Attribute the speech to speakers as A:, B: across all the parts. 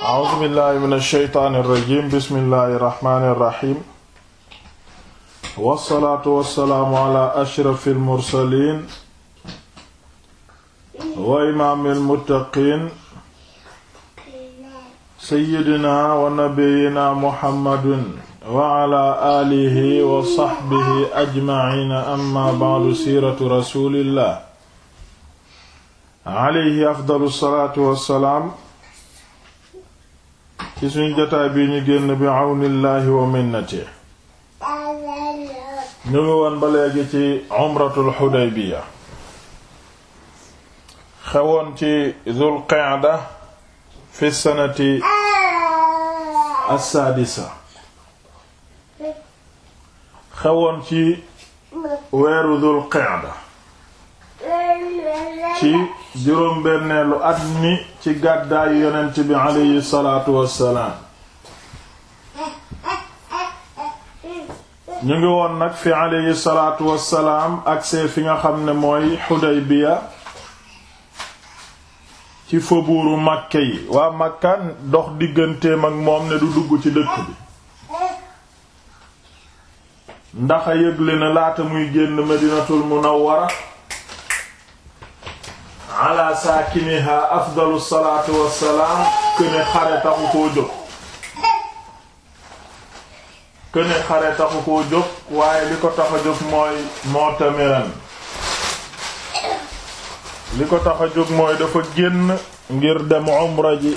A: a'uuzu billahi min alsheytaan irrajim bismillahi irrahmani irrahim wassalaatu wassalaamu ala ashrafi almursalin wa imaami almuttaqiin sayyidina wa nabiyina muhammadin wa ala aalihi wa saxbihi ajmaciina amma bacdu siiratu rasuulillah alayhi afdalu salaatu wassalaam ci suñu jotaay bi ñu génn bi àwnillaahi wa minnati ñu ngi woon ba léegi ci umratul xudaybiya xewoon ci dhul qaada fi sanati assaadisa xewoon ci weeru dhul qaada ci juróom benneelu at mi ci gàddaayu yonent bi aleyhi salaatu ñu ngi woon nag fi aleyhi salaatu wassalaam agsee fi nga xam ne mooy Xudaybiya ci faubourgu Makka yi waa Makka dox digganteem ak moom ne du dugg ci dëkk bi ndax a yëgle na laata muy génn Madinatul Munawwara ala saakiniha waaye li ko tax jóg mooy ko tax mooy dafa génn ngir dem umra ji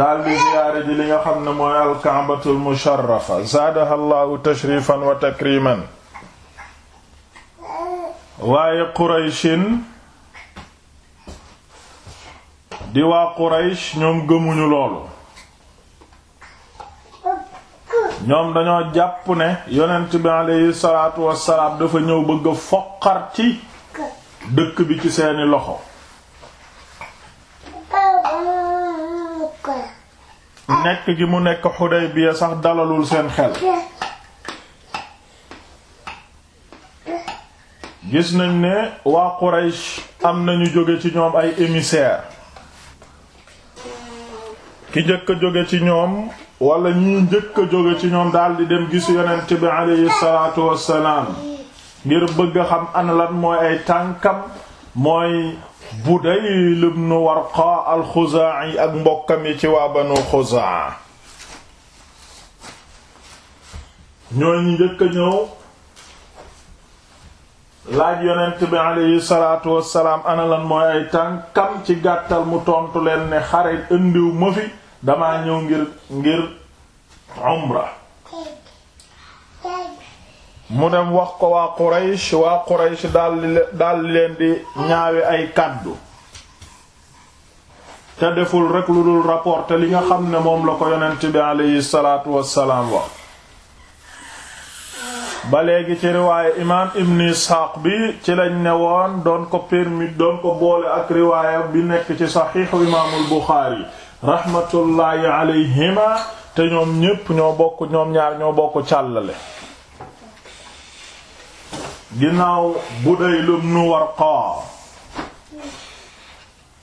A: daldi ziyaare ji li nga xam ne mooy alkaabatul musharrafa zaadaha allahu tashrifan wa takriman waaye qurayshin di waa quraysh ñoom gëmuñu loolu ñoom dañoo jàpp ne yonent bi aleyhi salaatu wassalaam dafa ñëw bëgg a foqar ci dëkk bi ci seeni loxo nekk gi mu nekk Xudaybiya sax dalalul seen xel gis nañ ne waa Quraysh am nañu jóge ci ñoom ay émissaire ki njëkk jóge ci ñoom wala ñi njëkk jóge ci ñoom daldi dem gis yonent bi aleyhi salaatu wassalaam ngir bëgg xam ana lan mooy ay tànkam mooy Budayl ibn Warqa al yi ak mbokkam yi ci waa Banu Xuzaa ñooy njëkk ñëw laaj yonent bi aleyhi salaatu wassalaam ana lan mooy ay tànkam ci gàttal mu tontu leen ne xare indiw ma fi damaa ñëw ngir ngir umra mu dem wax ko waa Quraysh waa Quraysh daldi daldi leen di ñaawe ay kàddu te deful rekk lu dul rapport te li nga xam ne moom la ko yonent bi aleyhi salaatu wassalaam wax ba léegi ci riwaaye imaam ibn isxaaq bi ci lañ ne woon doon ko permis doon ko boole ak riwaaya bi nekk ci saxiixu imaamul buxaari rahmatullaahi alayhima te ñoom ñépp ñoo bokk ñoom ñaar ñoo bokk càllale ginnaaw Budayl ibn Warqa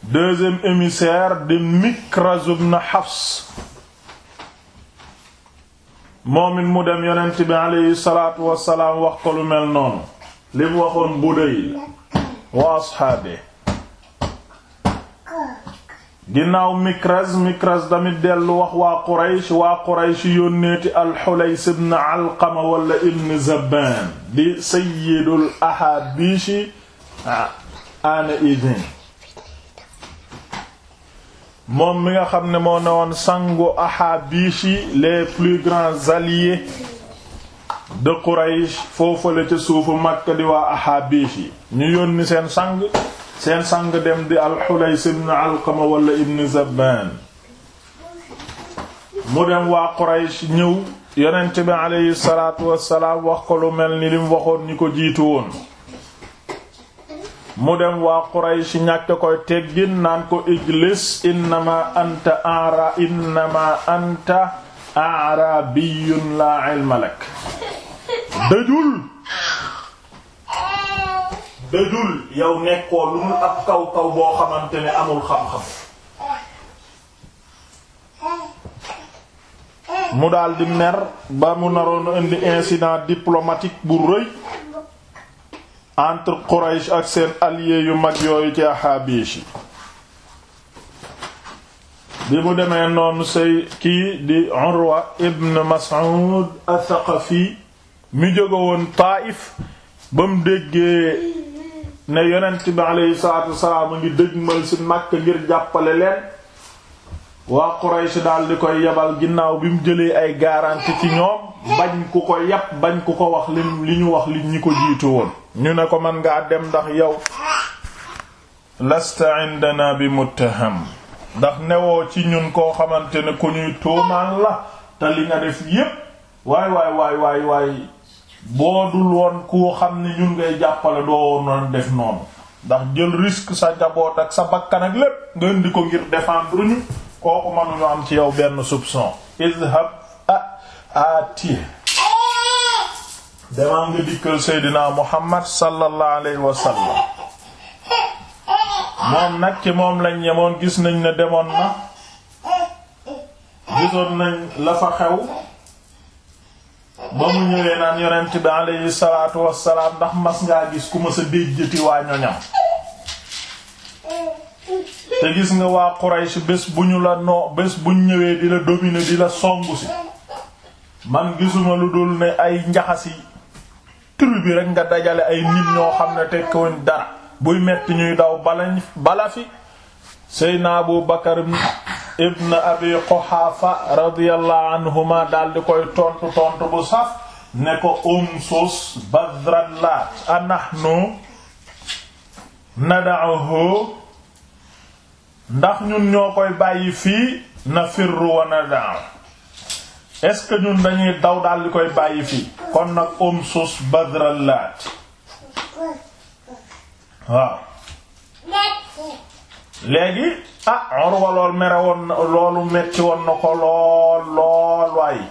A: deuxième émissaire de Mikraz ibn moom mu dem yonent bi aleyhi salaatu wassalaam wax ko lu mel noonu li mu waxoon Budayl wa asxaabe ginnaaw Mikraz Mikraz tamit dellu wax waa Quraysh waa Quraysh yónneeti al-Hulays ibn Alqama wala ibn Zabbaan di sayyidul ahaabishi ah, ana idin moom mi nga xam ne moo newoon sangu Ahabish yi les plus grands alliés de Quraysh foofale ca suufu Makka di waa Ahabish yi ñu yónni seen sang seen sang dem di al-Hulays ibn Alqama wala ibn Zabban mu dem waa Quraysh ñëw yonent bi aleyhi salaatu wassalaam wax ko lu mel ni lim waxoon ñi ko jiitu woon mu dem waa Quraysh ñàkk koy teggin naan ko ijlis innama anta ara innama anta arabiyun dëjul dëjul yow nekkoo lu mu ab kaw kaw boo xamante ne amul xam-xam mu daldi ner ba mu naroon indi incident diplomatique bu rëy entre Quraysh ak seen alliés yu mag yooyu ci Ahaabish yi bi mu demee noonu say kii di Urwa ibn Mas'ud Athaqafi mi jóge woon ba mu déggee ne yonent bi aleyhi salaatu wasalaam a ngi dëgmal ci Makka ngir jàppale leen waa Quraysh daldi di koy yebal ginnaaw bi mu jëlee ay garanti ci ñoom bañ ku ko yàpp bañ ku ko wax li ñu wax li ñi ko jiitu woon ñu ne ko man ngaa dem ndax yow lasta indana bi muttaham ndax newoo ci ñun koo xamante ne ku ñuy tuumaan la te li nga def yépp waay waay waaye waay boo dul woon koo xam ne ñun ngay jàppale doo woon noonu def noonu ndax jël risque sa njaboot ak sa bakkan ak lépp nga indi ko ngir défendre ñu kooku mënuñu am ci yow benn soupçon izhab a ati demal nga dikkal seydinaa muhammad sallallahu alayhi moom nag ci moom lañ yemoon gis nañ ne demoon na gisoon nañ la fa xew ba mu ñëwee naan yonent bi alayhi salaatu wassalaam ndax mas ngaa gis ku ma sa déjjati waa ñoñam te gis nga waa Quraysh bés bu ñu la noo bés bu ñëwee di la dominer di la songu si man gisuma lu dul ne ay njaxasi tribu bi rek nga dajale ay nit ñoo xam ne tekkiwuñ dara buy metti ñuy daw balañ bala fi Seydina Abu Bakar ibn Abi Quhaafa radiyallahu anhuma daal di koy tontu tontu bu saf ne ko umsus badran la anahnu nada'uhu ndax ñun ñoo koy bàyyi fii nafirru wa nada'u est-ce que ñun dañuy daw daal koy bàyyi fii kon nag um sus badral laat ah Urwa lool mere woon na loolu metti ko lool lool waaye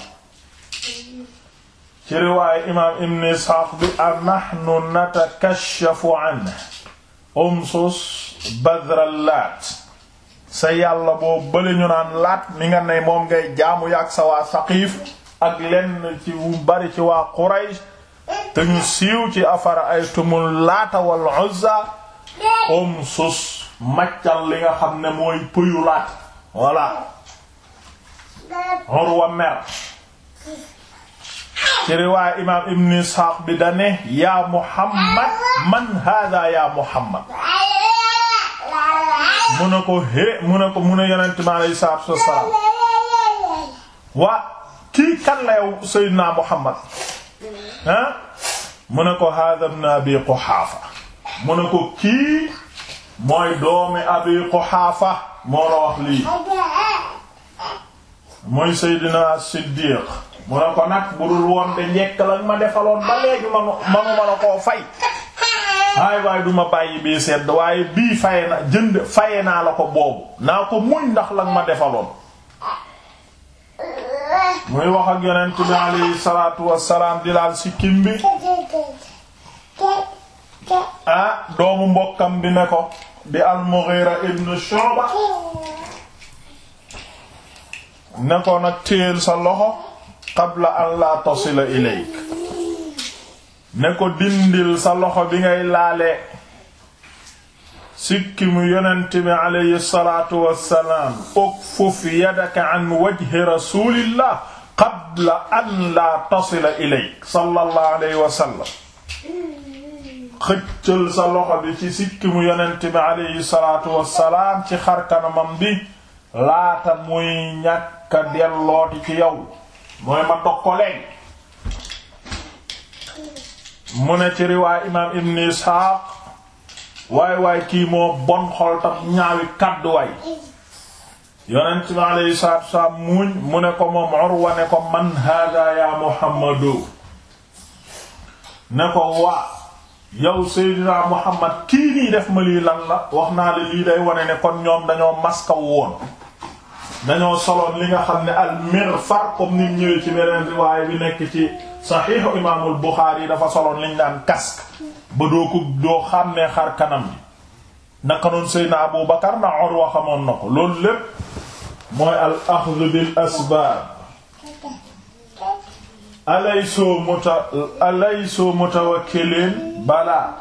A: ci riwaayu imaam Ibn Isxaaq bi a nahnu natakashafu an um sus sa yàlla boo bële ñu naan laat mi nga ne moom ngay jaamu yaak sa waa saqiif ak lenn ci wu bari ci waa Quraysh te ñu siiw ci afara ay tumul laata wal Uzza li nga xam ne mooy ci riwaay imaam ibn Isxaaq bi dane yaa Muhammad man hada yaa Muhammad mu ne ko hé mu ne ko mu ne yonent mi aleyhi salaatu wa salaam waa kii kan la yow Seydina Muhammad ah mu ne ko haaza ibn Abi Quhaafa mu ko kii mooy doomi Abi Quhaafa moo la wax lii mooy Seydina Siddiq mu ko nag bu dul woon de ma defaloon ba léegi ma ma ma la koo ay waaye duma bàyyi bii sedd waaye bii faye na jënd faye naa la ko boobu naa ko muñ ndax la ma defaloon muy wax ak yonent bi alayhi salaatu wassalaam di laal sikkim bi ah doomu mbokkam bi ne ko di al-Mughira ibn Shu'ba ne ko nag téyel sa loxo qabla an la tasila ne ko dindil sa loxo bi ngay laale sikkimu yonent bi aleyhi salaatu wassalaam ukfuf yadaka an wajhi rasulillah qabla an laa tasila ilayk sallallahu alayhi wa sallam xëccal sa loxo bi ci sikkimu yonent bi aleyhi salaatu wassalaam ci xarkanamam bi laata muy ñàkka dellooti ci yow mooy ma tokkoleen mu ne ci riwaay imaam ibn isxaaq waay waay kii moo bon xol tax ñaawi kàddu waay yonent bi alayhi salaatu wasalaam muuñ mu ne ko moom Urwa ne ko man haadaa yaa Muhammadu ne ko waa yow Seydina Muhammad kii nii def ma lii lan la wax naa la lii day wane ne kon ñoom dañoo maskaw woon dañoo soloon li nga xam ne al Mighfar comme ni mu ñëwee ci beneen riwaay bi nekk ci saxiixu imaamul Buxaari yi dafa soloon liñ naan casque ba doo ko doo xàmmee xar kanam bi naka noonu Seydina Abu Bakar na Urwa xamoon na ko loolu lépp mooy al axdu bil asbaab alaysu muta alaysu mutawakkiliin balaa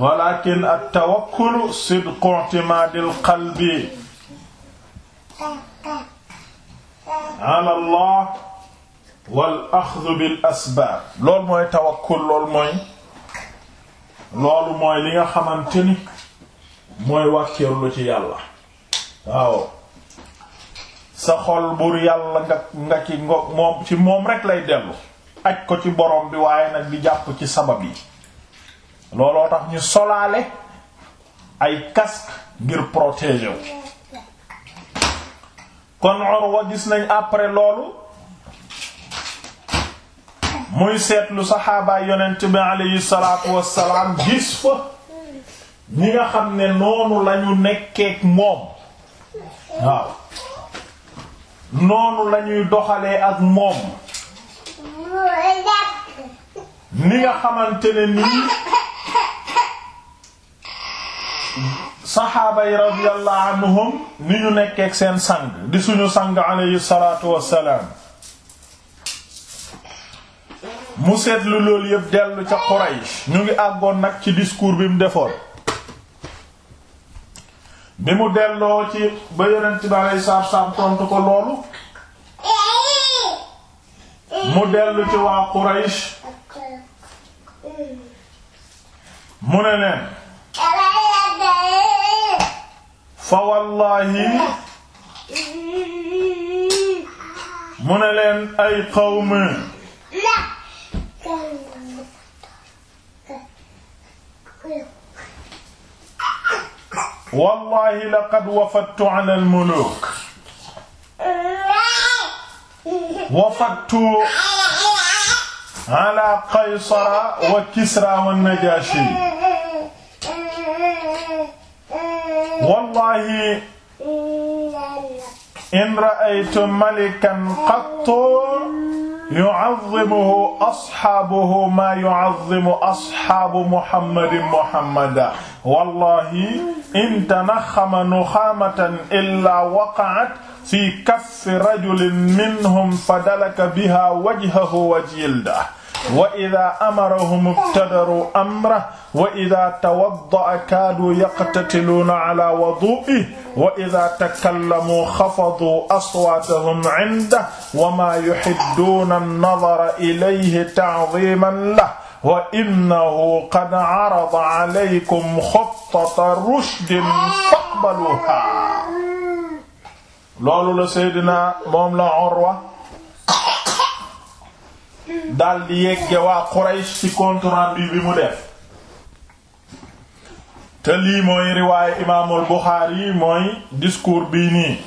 A: walaakin at tawakkulu sidqu i'timaadil qalbi ala allah wal axdu bil asbaab loolu mooy tawakkul loolu mooy loolu mooy li nga xamante ni mooy wàkkeerlu ci yàlla waaw sa xol buur yàlla nga nga ci ngo moom ci moom rek lay dellu aj ko ci borom bi waaye nag di jàpp ci sabab yi looloo tax ñu solaale ay kas ngir protéger kon Urwa gis nañ après loolu muy seetlu saxaabaay yonent bi aleyhi salaatu wassalaam gis fa ñi nga xam ne noonu lañu nekkeek moom waaw noonu lañuy doxalee ak moom ni nga xamante ne nii saxaaba yi radiyallahu anhum ni ñu nekkeek seen sang di suñu sang alayhi salaatu wassalaam mu seetlu loolu yëpp dellu ca Quraysh ñu ngi àggoon nag ci discours bi mu defoon bi mu delloo ci ba yonent bi alayhi salaatu wassalaam tontu ko loolu mu dellu ci waa Quraysh mu ne leen fa wallaahi mu ne leen ay qawme wallaahi laqad wafadtu ala al-muluuk wafadtu ala Qaysara wa Kisra wa Najaashi
B: wallahi
A: in ra'aytu malikan qattu yu'azzimuhu asxaabuhu maa yu'azzimu asxaabu muhammadin muhammadan wallaahi in tanaxxama nuxaamatan illaa waqa'at fii kaffi rajulin minhum fadalaka bihaa wajhahu wa jildahu wa ida amarahum ibtadaru amra wa ida tawaddaa kaadu yaqtatiluuna ala waduu'i wa ida takallamu xafaduu aswaatahum cinda wa maa yuhidduuna an-nadara ilayhi ta'diiman lahu wa innahu qad carada calaykum xattata rushdin faqbaluuhaa loolu la Seydina moom la Urwa dal di waa Quraysh ci compte bi mu def te lii mooy riwaaye imaamul Buxaari mooy discours bii nii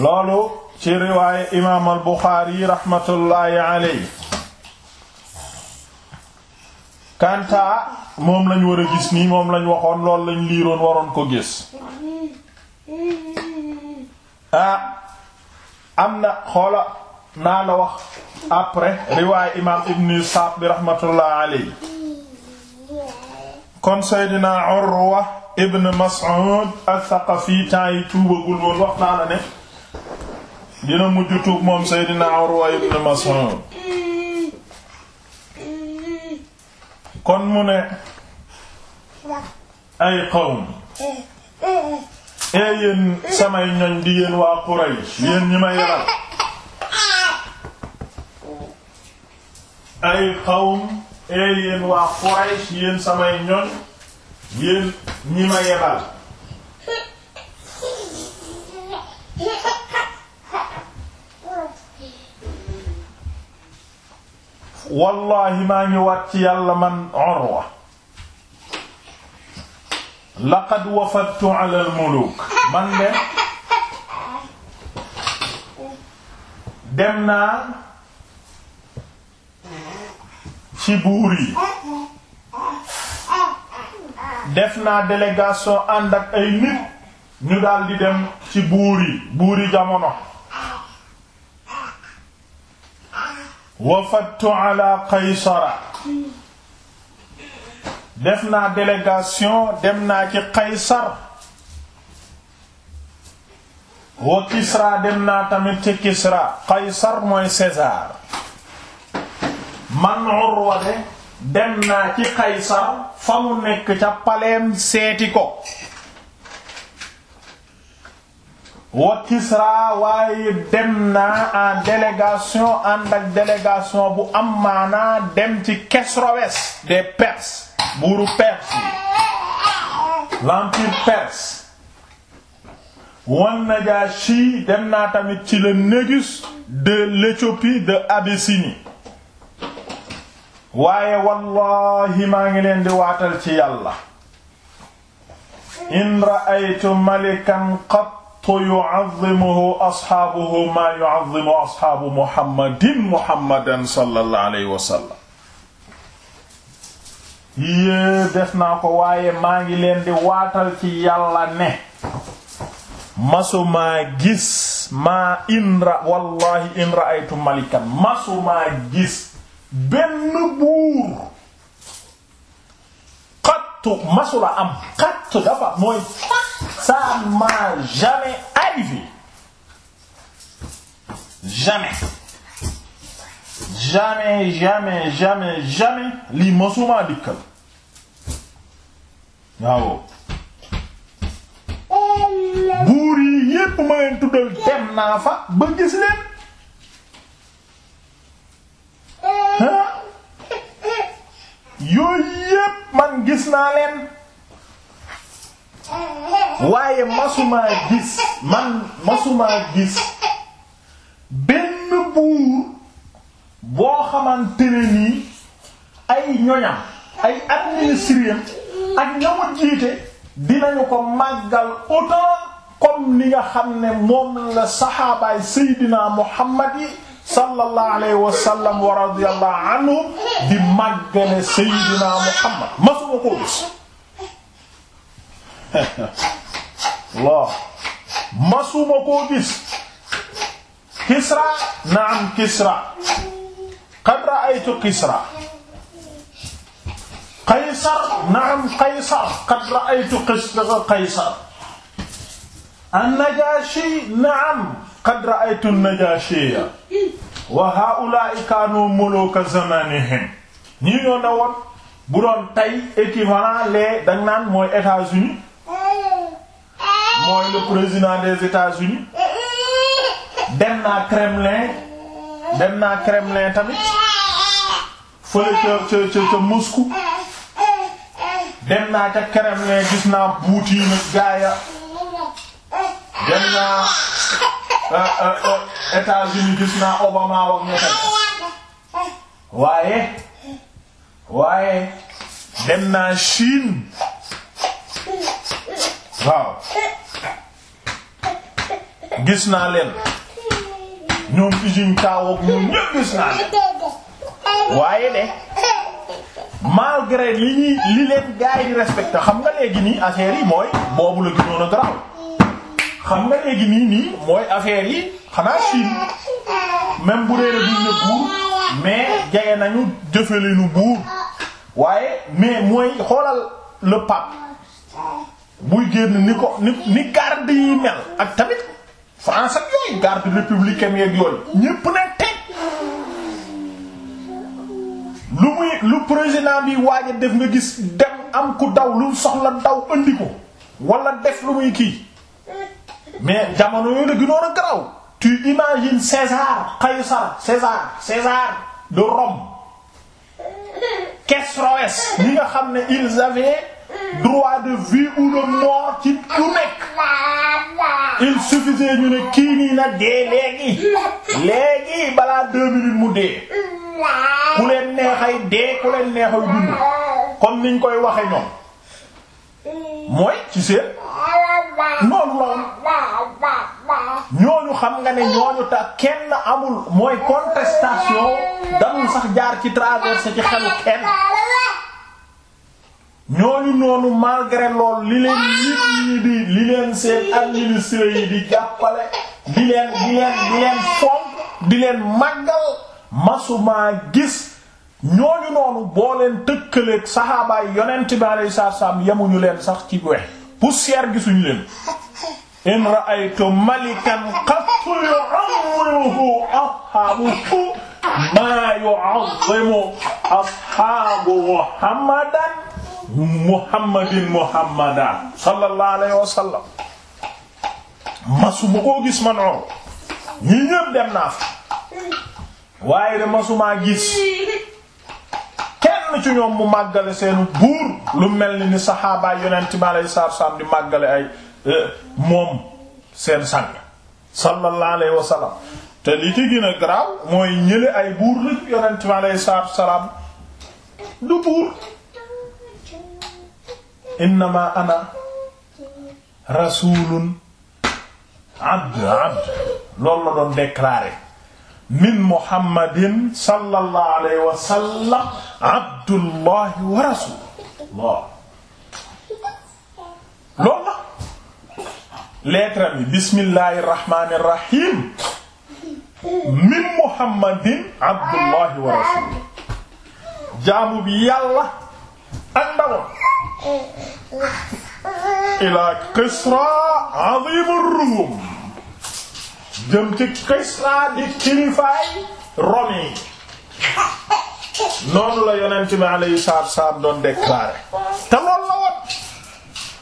A: loolu ci riwaaye imaamul Buxaari raxmatullaahi alayhi kantaa moom lañ war a gis nii moom lañ waxoon loolu lañ liiroon waroon ko gis ah, am na xoola naa la wax après riwaay imaam ibn Isaaq bi rahmatullah alayhi kon Seydina Urwa ibn Mas'ud al-Thaqafi temps yi tuubagul wax naa la ne dina mujj tuub moom Seydina Urwa ibn Mas'ud kon mu ne ay qawm ee eh, yéen samay ñoñ di yéen waa Quraysh yéen ñi ma yaral ay qawm ee eh, yéen waa Quraysh yéen samay ñoñ yéen ñi ma yebal wallahi maa ngi wat ci yàlla man Urwa laqad wafadtu ala al man dem naa ci buur yi def naa délégation ànd ak ay nit ñu daldi dem ci buur yi buur yi jamono wafadtu ala qaysara def naa délégation dem naa ci Qaysar wa Kisra dem naa tamit ci Kisra Qaysar mooy César man Urwa dem naa ci Qaysar fa mu nekk ca paleem seeti ko wa Kisra waaye dem naa en délégation ànd ak délégation bu am maanaa dem ci Kesroès des Perses buuru Perse yi l'empire perse wan Najashi dem na tamit ci le Négus de l'Éthiopie de Abyssinie waaye wallahi maa ngi leen di waatal ci yàlla in ra'aytu malikan qat yu'azzimuhu asxaabuhu maa yu'azzimu asxaabu muhammadin muhammadan sallallahu alayhi wa sallam yée def naa ko waaye maa ngi leen di waatal ci yàlla ne masumaa gis maa inra wallahi in ra'aytu malikan masumaa gis benn buur xattu masula am xattu dafa mooy ça m'a jamais arrivé jamais jamais jamais jamais jamais lii masumaa dikkal waaw buur yi yépp ma leen tuddal dem naa fa ba gis leen yooyu yépp man gis naa leen waaye masumaa gis man masumaa gis benn buur boo xamante ne ay ñoñam ay administriem ak jiite dinañu ko màggal autant comme ni nga xam ne moom la saxaabaay seydina muhammad yi sallallahu alayhi wa sallam wa radiyallahu di màggale seydina muhammad masuma koo Allah masuma koo gis Kisra naam Kisra qad ra'aytu Kisra Qaysar naam Qaysar qad ra'aytu Qaysar an-Najashi naam qad ra'aytu an-Najashiya wa ha'ula'i kanu muluka zamanihim ñi ñoo na woon bu doon tey équivalent les dang naan mooy États-Unis mooy le président des États-Unis dem naa Kremlin dem naa Kremlin tamit fële ca ca ca Moscou dem naa ca Kremlin gis naa Poutine gaaya dem naa euh, euh, euh, États-Unis gis naa Obama wax waaye waaye dem naa Chine waaw gis naa leen ñoom usine taawoog ñoom ñëpp gis naa leen waaye de malgré li ñuy li leen gars yi respecté xam nga léegi nii affaire yi mooy boobu la gënoon a garaaw xam nga léegi nii nii mooy affaire yi xanaa Chine même bu dee la duñ ne buur mais jege nañu jëfalinu buur waaye mais mooy xoolal le pape buy génn ni ko ni ni garde yi mel ak tamit. France ak yooyu garde républicaine yeeg yooyu ñépp ne teg lu muy lu président bi waaj def nga gis dem am ku daw lu soxla daw andi ko wala def lu muy kii mais jamono yooyu la gënoon a garaw tu imagines César Qaysar César César de Rome Kesroès ñi nga xam ne ils avaient droit de vie ou de mort ci ku nekk il suffisait ñu ne kii nii na dee léegi léegi balaa deux minutes mu dee
B: ku leen neexay
A: dee ku leen neexay dund comme niñ koy waxe ñoom mooy ci seen noonu loolu ñooñu xam nga ne ñooñu ta kenn amul mooy contestation damul sax jaar ci traversé ci xelu kenn ñooñu noonu malgré lool li leen nit ñi di li leen seen administré yi di jàppale di leen di leen di leen gis ñooñu noonu boo leen tëkkaleeg saxaabaay yonent bi alayhi salaam yemuñu leen sax ci wex poussière gisuñu leen in ra'aytu malikan qattu yu'ammuhu ashaabuhu maa yu'azzimu ashaabu muhammadan muhammadin muhammadan sallallahu alayhi wa sallam masu bu koo gis ma noonu ñi ñépp dem naa fa waaye de masumaa gis kenn ci ñoom mu màggale seenu buur lu mel ni ni saxaabaay yonent bi alayhi salaatu salaam di màggale ay eh, moom seen sang sallallahu alayhi wa sallam te li garaaw mooy ñële ay buur la yonent bi alayhi salaam du buur innama ana rasulun abd abd loolu doon déclaré min muhammadin sallallahu alayhi wa sallam lool loolu la lettre bi bismillahi rahmani rahim min muhammadin abdullahi wa ilaa Kisra azim ar jëm ci Kisra di kilifaay Rome yi noonu la yonent bi alayhi salaatu salaam doon déclaré te loolu la woon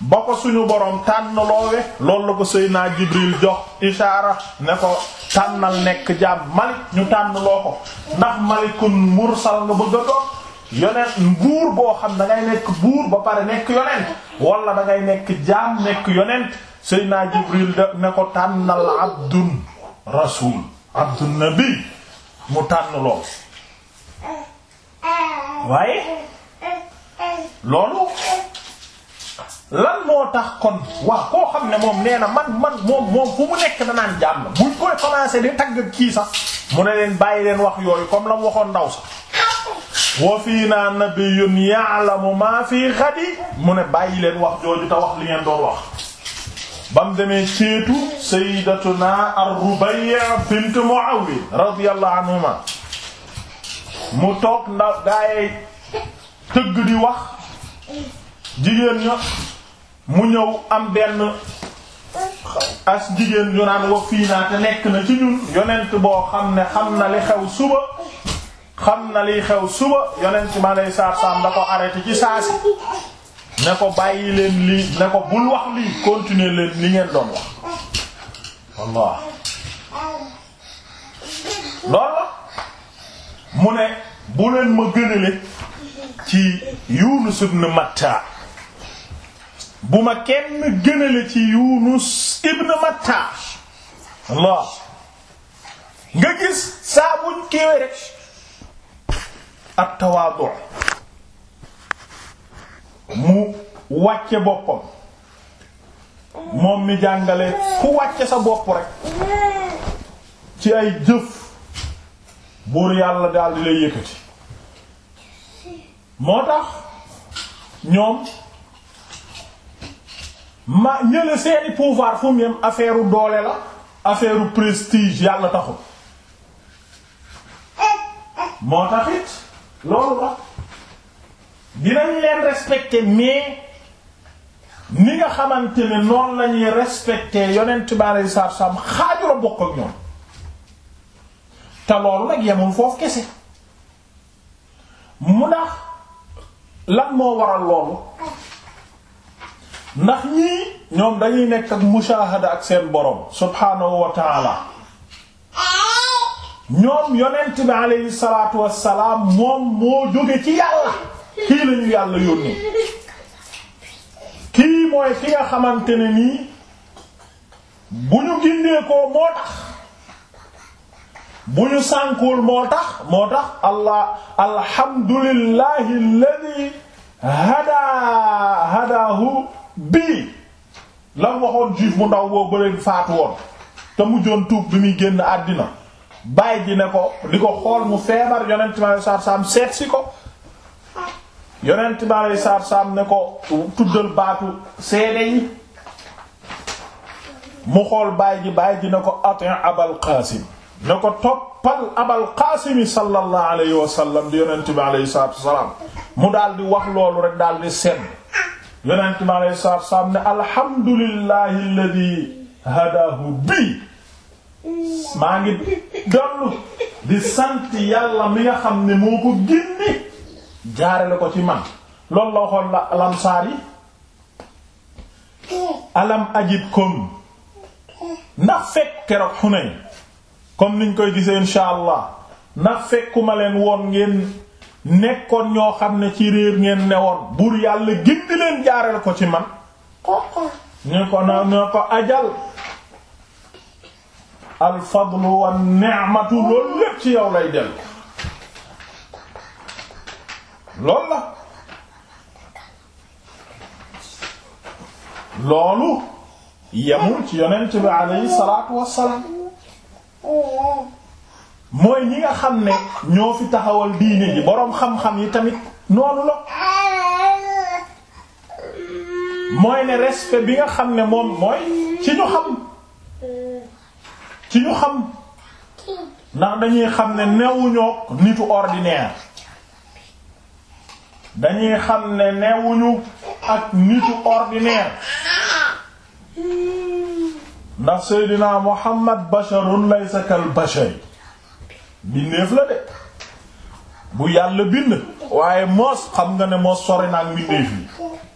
A: ba ko suñu boroom tànn loowe loolu la ko Seydina Jibril jox ishaara ne ko tànnal nekk jaam Malik ñu tànn loo ko ndax Malikun mursal nga bëgg doon yonent buur boo xam da ngay nekk buur ba pare nekk yonent wala da ngay nekk jaam nekk yonent Seydina Jibril da ne ko tànnal abdun rasul abdun nabi mu tànn lool
B: waaye loolu lan moo tax
A: kon wax koo xam ne moom nee na man man moom moom mu nekk danaan jaam la buñ koy commencé di tagg kii sax mu ne leen bàyyi leen wax yooyu comme la mu waxoon ndaw sax wa fiinaa nabiyyun ya'lamu maa fii ghadi mu ne bàyyi leen wax jooju te wax li ngeen doon wax ba mu demee ceetu sayyidatuna ar-Rubayya bint Mu'awwid radiyallahu anhuma mu toog ndaw gaayee tëgg di wax jigéen ña mu ñëw am benn as jigéen ñu naan wa fiinaa te nekk na ci ñun yonent boo xam ne xam na li xew suba xam na liy xew suba yonent ma lay saar saam da ko arrêté ci saasi ne ko bàyyi leen lii ne ko bul wax lii continuer leen li ngeen doon wax wallah loolu mu ne bu leen ma gënale ci Yunus ibn Matta bu ma kenn gënale ci Yunus nga gis saa buñ ak tawaadu mu wàcce boppam moom mi jàngale ku wàcce sa bopp
B: rek
A: ci ay jëf buur yàlla daal di lay yëkkati moo tax ñoom ma ñële seeni pouvoir fu mu yem u doole la affaire u prestige yàlla taxul moo tax loolu la dinañ leen respecter mais ni nga xamante ne noonu la ñuy respecter yonent bi aleyhi salaatu salaam xaajura bokk ak ñoom te loolu nag yemul foofu kese mu ndax lan moo waral loolu ndax ñii ñoom dañuy nekk ak mushahada ak seen borom subhaanahu wa ñoom yonent bi aleyhi salaatu wassalaam moom moo jóge ci yàlla kii lañu yàlla yónni kii mooy ki nga xamante ne nii bu ñu gindee ko moo tax bu ñu sànkuwul moo tax moo tax allah alhamdulillahi alladhi hadaa hadaahu bii lam waxoon juif bu ndaw boo bëre faatu woon te mujjoon tuub bi muy génn àddina bàyyi ji ne ko di ko xool mu feebar yonent bi aleyhi salaam seet si ko yonent bi aleyhi salaatu salaam ne ko tuddal baatu seede yi mu xool bàyyi ji bàyyi ji ne ko ati abal qaasim ne ko toppal abal qaasim sallallahu alayhi wa sallam bi aleyhi mu daal wax loolu rek daal di seet yonent bi aleyhi salaatu salaam ne alhamdulillahi alladhi hadahu bi maa ngi dollu di sant yàlla mi nga xam ne moo ko génne jaarale ko ci man loolu la waxoon la lamsaar yi alam ajidkum ndax fekk keroog Hunayn comme niñ koy gisee insha allah ndax fekkuma leen woon ngeen nekkoon ñoo xam ne ci réer ngeen newoon buur yàlla génne leen jaarale ko ci man ñu oh, oh. ko na ñu ko ajal al fadlu wa ci yow lay dellu loolu la loolu yemul mooy ñi nga xam ne ñoo fi taxawal diine ji boroom xam-xam yi tamit noonu la mooy ne respect bi nga xam ne moom mooy ci ñu xam ci ñu xam ndax dañuy xam ne newuñoo nitu ordinaire dañuy xam ne newuñu ak nitu ordinaire ndax Seydina Muhammad basharun laysa kal bashari bindeef la de bu yàlla bind waaye moos xam nga ne moo sori naag bindeef yi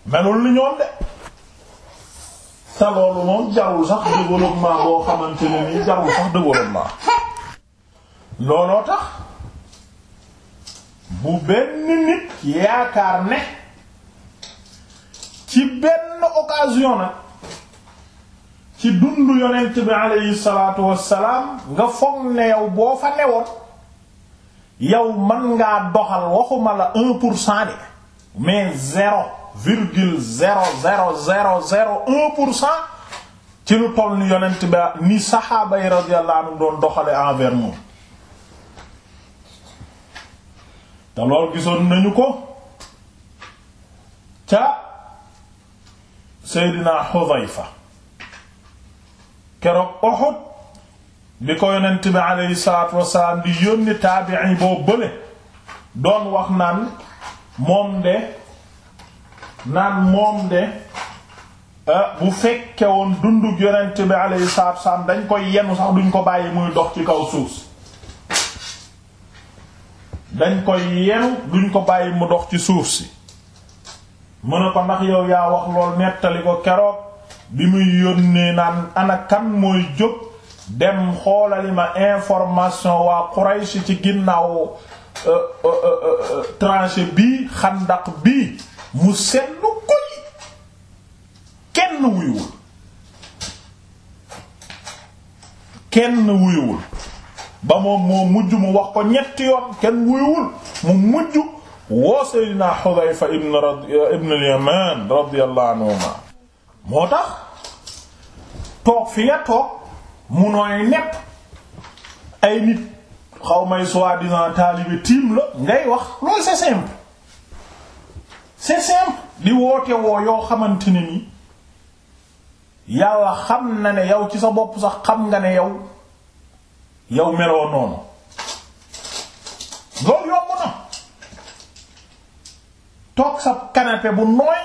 A: melul ni ñoom de te loolu moom jarul sax développement boo xamante ne nii jarul sax développement looloo tax bu benn nit yaakaar ne ci benn occasion nag ci dundu yonent bi aleyhi salaatu wassalaam nga foog ne yow boo fa newoon yow mën ngaa doxal waxuma la un pour cent de mais zéro virgule zéro zéro zéro zéro un pour cent ci lu toll ni yonent ba ni saxaaba yi radiyallahu anhum doon doxale envers moom lool gisoon nañu ko ca Seydina Xudayfa keroog Uhud bi ko yonent bi aleyhi salaatu wasalaam di yónni taabi'i boo bële doon wax naan moom de naan moom de ah, bu fekke woon dundug yonent bi alayhi salaatu wassalaam dañ koy yenu sax duñ ko bàyyi muy dox ci kaw suuf si dañ koy yenu duñ ko bàyyi mu dox ci suuf mu ne ko ndax yow yaa wax lool nettali ko keroog bi muy yónnee naan ana kan mooy jóg dem xoolalima ma information waa Quraysh ci ginnaaw eh, eh, eh, tranchée bii xandaq bii mu seetlu koy kenn wuyuwul kenn wuyuwul ba moom moo mujj mu wax ko ñetti yoon kenn wuyuwul mu mujj woo Seydina Xudayfa ibn ibn al-Yaman radiyallahu anhuma moo tax toog fi nga toog mu nooy nepp ay nit xaw may soi-disant tiim la ngay wax loolu c'est simple c'est li di woote woo yoo xamante ne ni yàlla xam na ne yow ci sa bopp sax xam nga ne yow yow meloo noonu loolu yomb na toog sa canapé bu nooy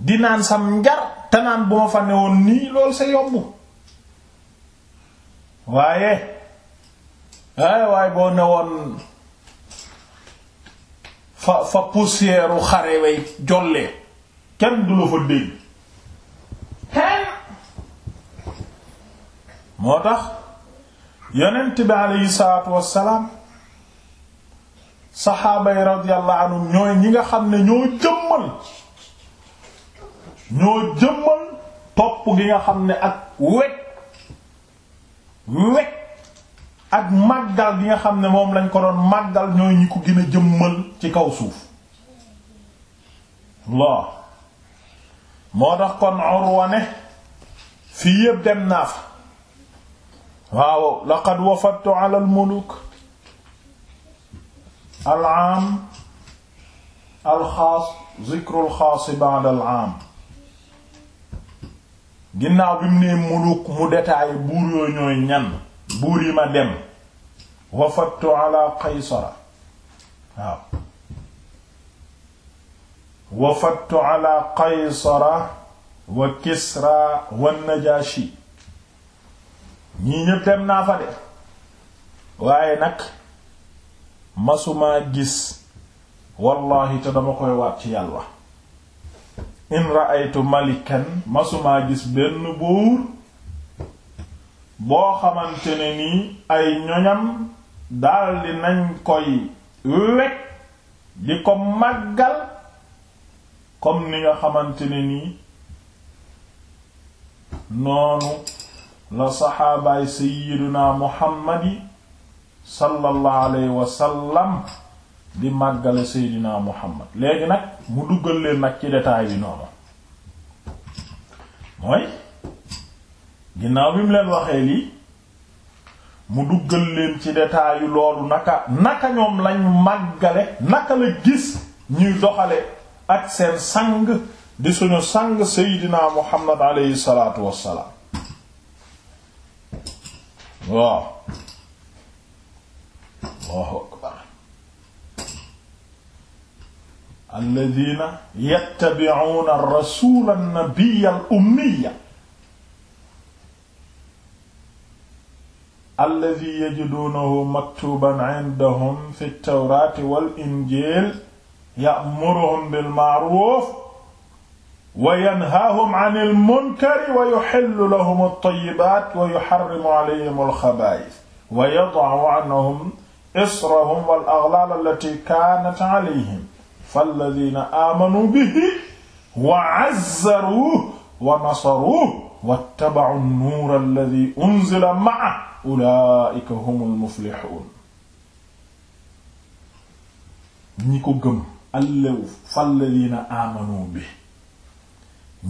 A: di naan sam njar te naan bu ma fa newoon nii loolu sa yomb waaye ay waay boo newoon fa fa poussière u xare way jollee kenn du la fa dégg kenn moo tax yonent bi aleyhi salaatu wassalaam saxaaba yi radiyallahu ñooy ñi nga xam ne ñoo jëmmal ñoo jëmmal topp gi nga xam ne ak wekk wekk ak màggal bi nga xam ne moom lañ ko doon màggal ñooy ñi ko gën a jëmmal ci kaw suuf waaw moo tax kon Urwa ne fii yépp dem naa fa waaw laqad wafadtu ala al muluk al aam al ginnaaw bi mu nee muluk mu détaillé buur yooyu ñooy ñan buur yi ma dem wafattu ala qaysara waaw wafattu ala qaysara wa kisra wa najashi ñii ñépp dem naa fa de waaye nag masumaa gis wallahi te dama koy waat ci yàlla in ra'aytu malikan masumaa gis benn buur boo xamante ne ay ñoñam daldi nañ koy wekk di ko màggal comme ni nga xamante ne nii noonu la saxaabaay sayyiduna muhammadi sallallahu alayhi wa sallam di màggale sayyidina muhammad léegi nag mu duggal leen nag ci détail bi noonu mooy ginnaaw bi mu leen waxee lii mu duggal leen ci détail yu loolu naka naka ñoom lañu màggale naka la gis ñuy doxale ak seen sang di suñu sang seydina muhammad aleyhi salaatu wassalaam waaw allahu akbar alladina yattabi'una ar-rasula an-nabiyya al-ummiyya alladi yajiduunahu maktuban indahum fi tawraati wal injil ya'muruhum bil ma'ruuf wa yanhaahum anil munkari wa yuhillu lahum at-tayyibaat wa yuharrimu alayhim al-khabaa'ith wa yada'u anhum israhum wal aghlaal allatii kaanat alayhim falladiina aamanuu bihi wa azzaruuhu wa nasaruuhu wattaba'u nuura alladhi unzila ma'a ulaa'ika humul muflihun ñi ko gëm allaw falladhina amanu bi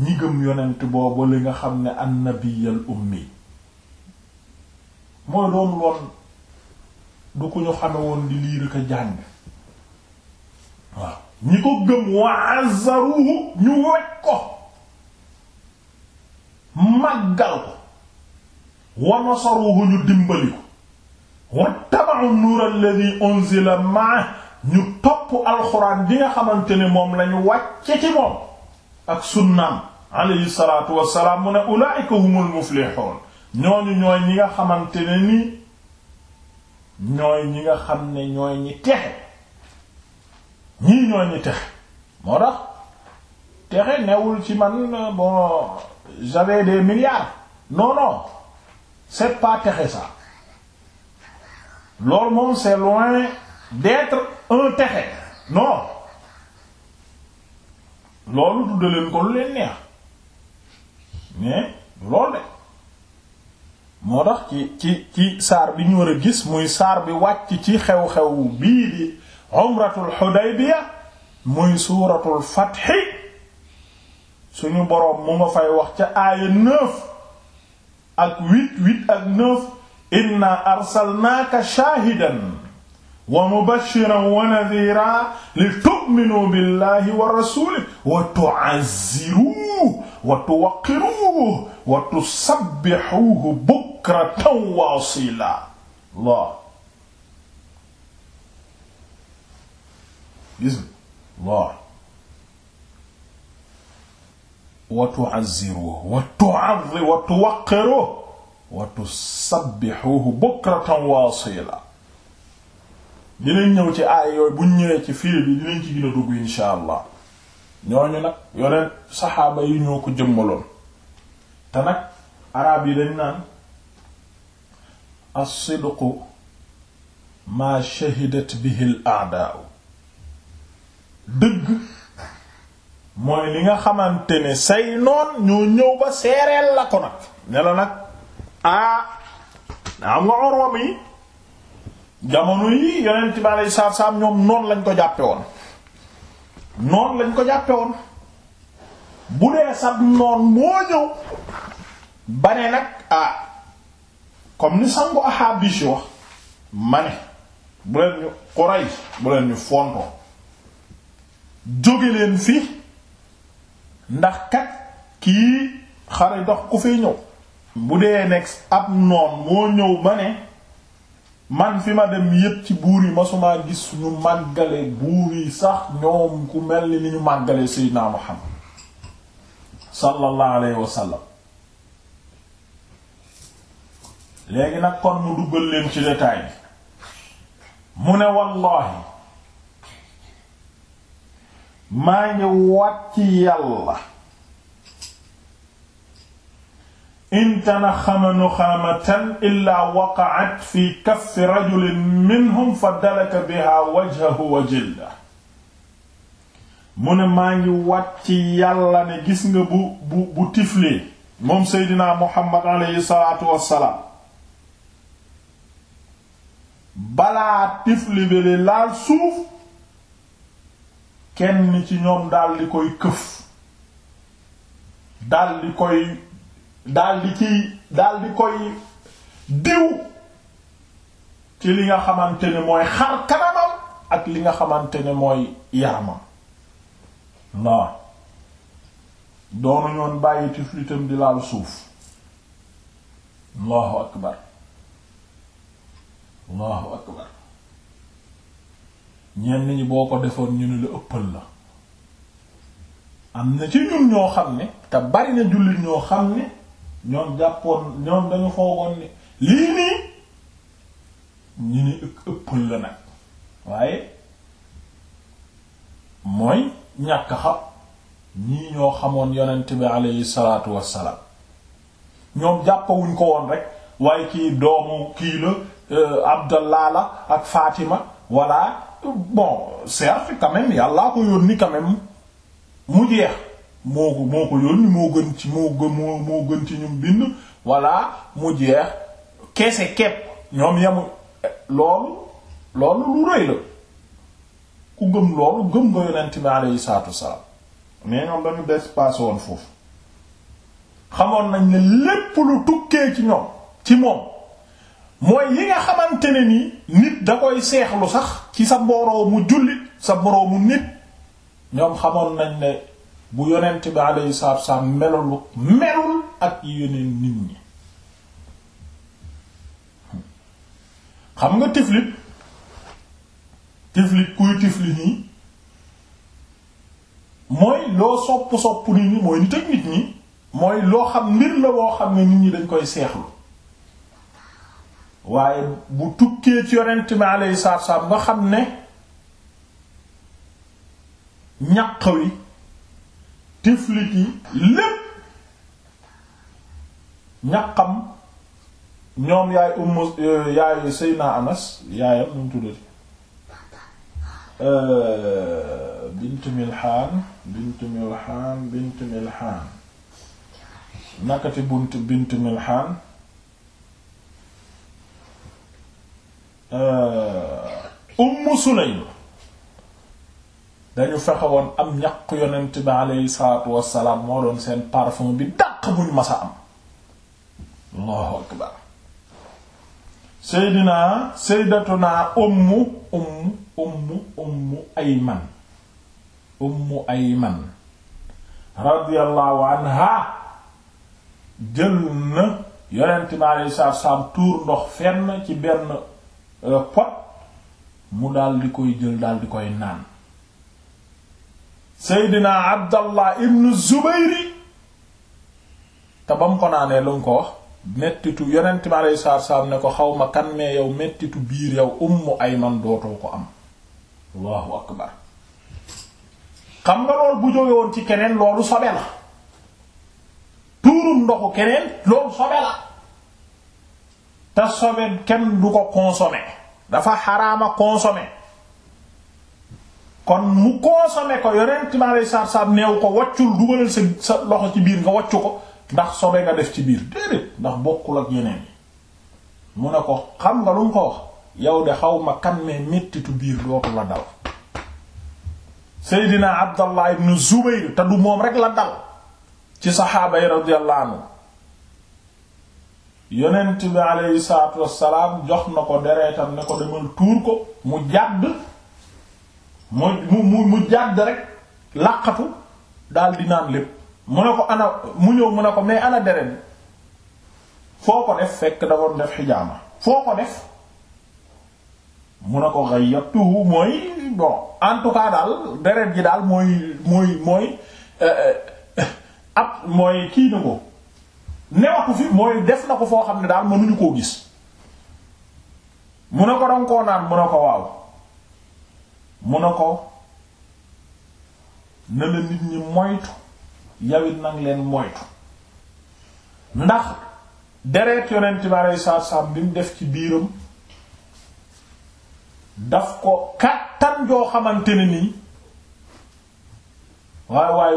A: ñi gëm yonent boobu li nga xam ne annabiyal ummi mooy doon woon du ko ñu xame woon di liir ko jàng waaw ñi ko gëm wa azzaruhu ñu wekk ko màggal ko wa nasaruhu ñu dimbali ko wa tabaxu topp alxuraan di nga xamante ne moom lañu wàcce ci moom ak sunnaam alayhi salaatu wassalaam mu ne ulaa'ika humul muflixuun ñooñu ñooy ñi nga xamante ne nii ñooy ñi nga xam ne ñooy ñi texe ñii ñooy ñi texe moo tax texe newul ci man bon j'avais de milliards non non c'est pas texe ça loolu moom c'est loin d'être un texe non loolu tudde leen ko lu leen neex mais loolu de moo tax ci ci saar bi ñu war a gis muy saar bi wàcc ci xew-xew bii di umratul Hudaybiya muy suuratul Fath suñu boroom mu nga fay wax ca aaya neuf ak huit huit ak neuf inna arsalnaaka shaahidan wa mubashiran wa nadhiran li tu'minu billahi wa rasulihi wa tu'azziruhu wa tuwaqqiruhu wa tusabbihuhu bukratan wa asila Allah gis Allah wa tu'azziruhu wa tu'azzi wa tuwaqqiruhu wa tusabbihuhu bukratan wa asila dinañ ñëw ci aay yooyu buñ ñëwee ci firi bi dinañ ci gën a dugg insha allah ñooñu nag yoneen saxaaba yi ñoo ko jëmmaloon te nag arab yi dañ naan as-sidqu maa shahidat bihi al-a'daa dëgg mooy li nga xamante ne say noon ñoo ñëw ba seereel la ko nag ne la nag ah am nga orwam yi jamono yi yonent bi aleyhi salaatu salaam ñoom noon lañ ko jàppe woon noon lañ ko jàppe woon bu dee sax noon moo ñëw ba nag ah comme ni sangu ahabish wax ma ne bu leen ñu Quraysh bu leen ñu fontoo jóge leen fii ndax kat kii xare dox ku fee ñëw bu dee nekk ab noon moo ñëw ba ne man fi ma dem yépp ci buur yi masumaa gis ñu màggale buur yi sax ñoom ku mel ni ñu màggale seydinaa Muhammad sallallahu alayhi wasallam léegi nag kon mu duggal leen ci détail mu ne wallaahi maa ngi waat ci yàlla intana xama nuxaamatan illaa waqaat fi kaffi rajulin minhum fa dalaka biha wajhahu wa jilda mu ne maa ngi waat ci yàlla ne gis nga bu bu bu tiflee muhammad aleyhi salaatu wassalaam balaa tifli bi laal suuf kenn ci ñoom daldi koy këf daldi koy daldi ci daldi koy diw ci li nga xamante ne mooy xar kanamam ak li nga xamante ne mooy yaramam waaw doonu ñoon bàyyi tiflitam di laal suuf allahu akbar allahu akbar ñenn ñi boo ko defoon ñu ne la ëppal la am na ci ñun ñoo xam ne te bari na jullit ñoo xam ne ñoom jàppoon ñoom dañu foogoon ne lii nii ñu ni ëppal la nag waaye mooy ñàkk xam ñii ñoo xamoon yonent bi aleyhi salaatu wassalaam ñoom jàppawuñ ko woon rek waaye kii doomu kii la euh, Abdallah la ak faatima walla bon certes quand même yàllaa ko yónni quand même mu jeex moo ko moo ko yónni moo gën ci moo gën moo moo gën ci ñum bind voilà mu jeex keese kepp ñoom yemu loolu loolu lu rëy la ku gëm loolu gëm nga yonent bi alayhi salaatu wasalaam mais ñoom dañu des passé woon foofu xamoon nañ ne lépp lu tukkee ci ñoom ci moom mooy yi nga xamante ne nii nit da koy seexlu sax ci sa boroomu jullit sa boroomu nit ñoom xamoon nañ ne bu yonent bi alayhi sa wassalaam melul melul ak yeneen nit ñi xam nga tiflit tiflit kuy tifli nii mooy loo sopp sopp nit ñi mooy nit ak nit ñi mooy loo xam mbir la woo xam ne nit ñi dañ koy seexlu waaye bu tukkee ci yonent bi alayhi salaatu salaam nga xam ne ñaq wi tiflit yi lépp ñaqam ñoom yaay ummu yaay Seyna Anas yaayam nu mu tuddati euh, bint Milhaan bint Milhaan bint Milhaan nakati bunt bint Milhaan Umm Sulaym dañu fexe am ñaq yonent bi aleyhi salaatu wassalaam moo doon seen parfum bi dàq buñ masa am allahu akbar seydinaa seydatunaa umm umm umm umm ayman umm ayman radiyallahu anha jël na yonent bi aleyhi salaatu wassalaam tuur ndox fenn ci benn Euh, pot mu daal di koy jël daal di koy naan Seydina Abdallah ibn Zubayri te ba mu ko naanee lu ko wax mettitu yonent bi aleyhi salaatu ne ko xaw ma kan mais yow mettitu biir yow Ummu Ayman dootoo ko am Allahu akbar xam nga loolu bu jóge ci keneen loolu sobe la tuurum ndoxu keneen loolu sobe la te sobe kenn du ko consommer dafa xaraama consommer kon mu consommer ko yonent mi alayhi salaatu salaam neew ko waccul dugalal sa sa loxo ci biir nga waccu ko ndax sobe nga def ci biir déedéet ndax bokkul ak yeneen mu ne ko xam nga lu ko wax yow de xaw ma kan mee mettitu biir dootu la dal Seydina Abdallah ibn Zubayr te du moom rek la dal ci saxaaba yi radiyallahu anhu yonent bi aleyhi salaatu wassalaam jox na ko dereetam ne ko demal tuur ko mu jàdd mu mu mu jàdd rek làqatu daal di naan lépp mu ne ko ana mu ñëw mu ne ko mais ana deret foo ko def fekk da doon def xijaama foo ko def mu ne ko ghayyatuhu mooy bon en daal deret ji daal mooy mooy mooy euh, euh, ab mooy kii na ko newatu fi mooy def na ko foo xam ne daal mënuñu koo gis mu ne ko danga koo naan mu ne ko waaw mu ne ko na nit ñi moytu yawit nag leen moytu ndax deret yonent bi aleyhi salaatu bi mu def ci biiram daf ko kàttan joo xamante ni nii waaye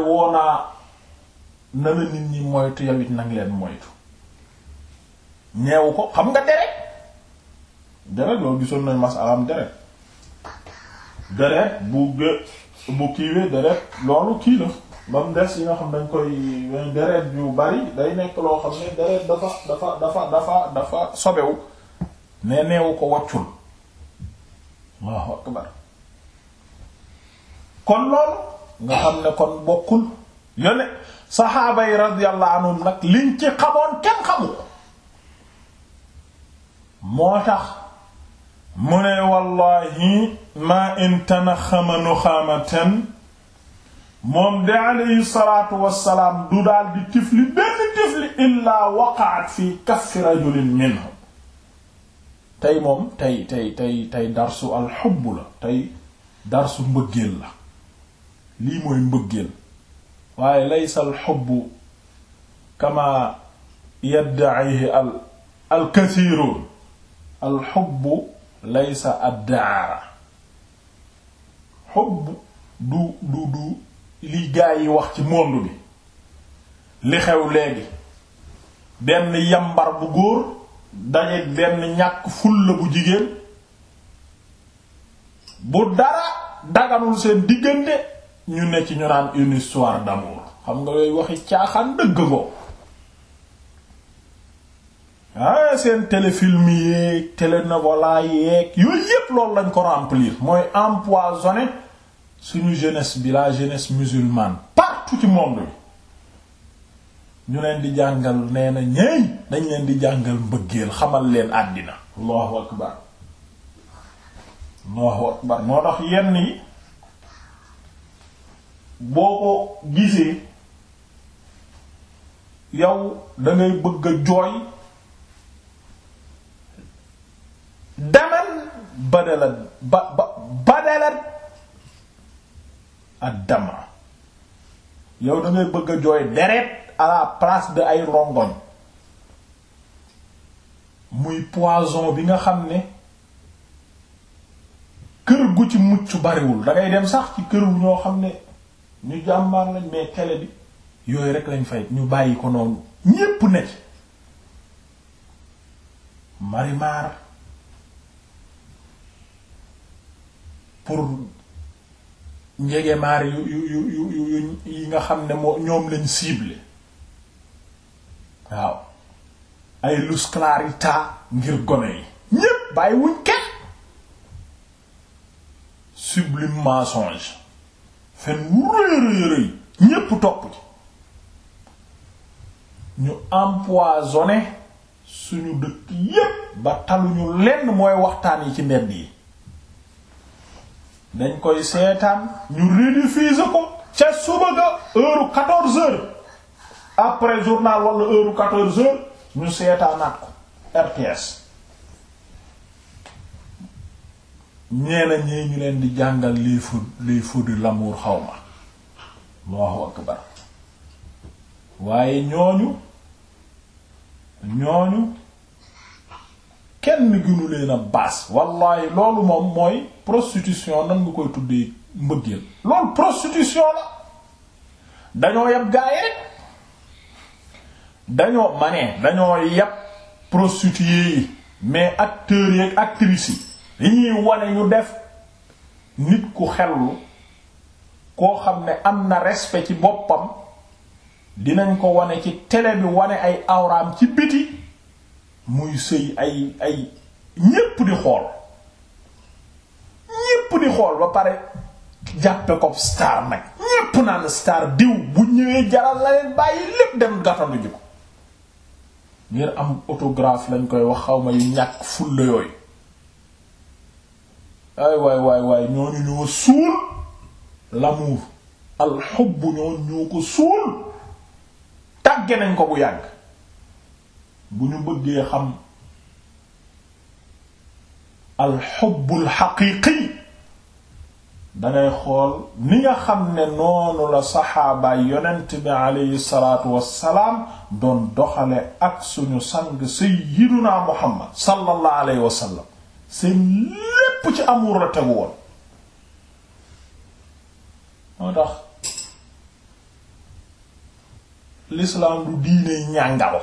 A: na la nit ñi moytu yow it leen moytu neewu ko xam nga deret deret loolu nañ masalaam bu gë- bu kiiwee deret loolu kii la ba mu des yi nga xam dañ koy deret yu bari day nekk loo xam ne deret dafa dafa dafa dafa dafa sobewu ne neewu ko waccul waaw akbar kon loolu nga xam ne kon bokkul yone saxaaba yi radiyallahu anhum nag liñ ci xamoon kenn xamu ko moo tax mu ne wallahi ma in tanaxama nuxaamatan moom de alayhi salaatu wassalaam du daal di tifli benn tifli illaa waqaat fi kaffi rajulin minhu tey moom tey tey tey tey darsu alxubb la tey darsu mbëggeel la lii mooy mbëggeel waaye laysa al xubbu kama yaddacihi al al kasiirun laysa addaara xubbu du du du li gaa yi wax ci monde bi li xew léegi benn yambar bu góor dajeek benn ñàkk fulla bu jigéen bu dara daganul seen diggante ñu ne ci ñu naan une histoire d'amour xam nga yooyu waxi caaxaan dëgg ko ah seen téléfilm yeeg télénovela yeeg yooyu yépp loolu lañ ko remplir mooy empoisonné suñu jeunesse bi la jeunesse musulmane partout ci monde bi ñu leen di jàngal nee na ñeeñ dañ leen di jàngal mbëggeel xamal leen àddina allahu akbar allahu akbar moo tax yenn yi boo ko gisee yow da ngay bëgg a jooy daman badalat ba ba badalat ak dama yow da bëgg a jooy deret à la place de ay rongoñ muy poison bi nga xam ne kër gu ci mucc bariwul dangay dem sax ci kër gu ñoo xam ne ñu jàmbaar lañ mais télé bi yooyu rek lañ fay ñu bàyyi ko noonu ñépp ne ci Marimar pour njegemaar yu yu yu yu yi nga xam ne moo ñoom lañ ciblé waaw ay lus clarita ngir gone yi ñépp bàyyi wuñ kenn sublime mensonge fen wu rëy rëy ñépp topp ci ñu empoisonné suñu dëkk yépp ba taluñu lenn mooy waxtaan yi ci mbedd yi dañ koy seetaan ñu rediffuser ko ca suba ga heure quatorze heures après journal wala heure quatorze heures ñu seetaanaat ko ñeena ñee ñu leen di jàngal les feux les feux de l'amour xawma Allahu akbar waaye ñooñu ñooñu kenn ginu leen a baas wallahi loolu moom mooy prostitution nan nga koy tuddee mbëggeel loolu prostitution la dañoo yab gaaye rek dañoo manee dañoo yab prostituées yi mais acteurs yi ak actrices yi li ñuy wane ñu def nit ku xellu koo xam ne am na respect ci boppam dinañ ko wane ci télé bi wane ay awraam ci biti muy sëy ay ay ñépp di xool ñépp di xool ba pare jàppe ko star nag ñépp naan star diw bu ñëwee jaral la leen bàyyi lépp dem gàttandu ji ko ngir am autographe lañ koy wax xaw ma yu ñàkk fulla yooyu ay waay waay waay ñooñu ñoo suul l'amour al xubb ñooñu ñoo ko suul tàgge nañ ko bu yàgg bu ñu bëggee xam al xubbul xaqiiqi dangay xool ni nga xam ne noonu la saxaabaay yonent bi aleyhi salaatu salaam doon doxale ak suñu sang sayyiduna muhammad sallallahu alayhi wasallam seen lépp lépp ci amour la tegu woon moo tax l'islam du diiney ñàngalo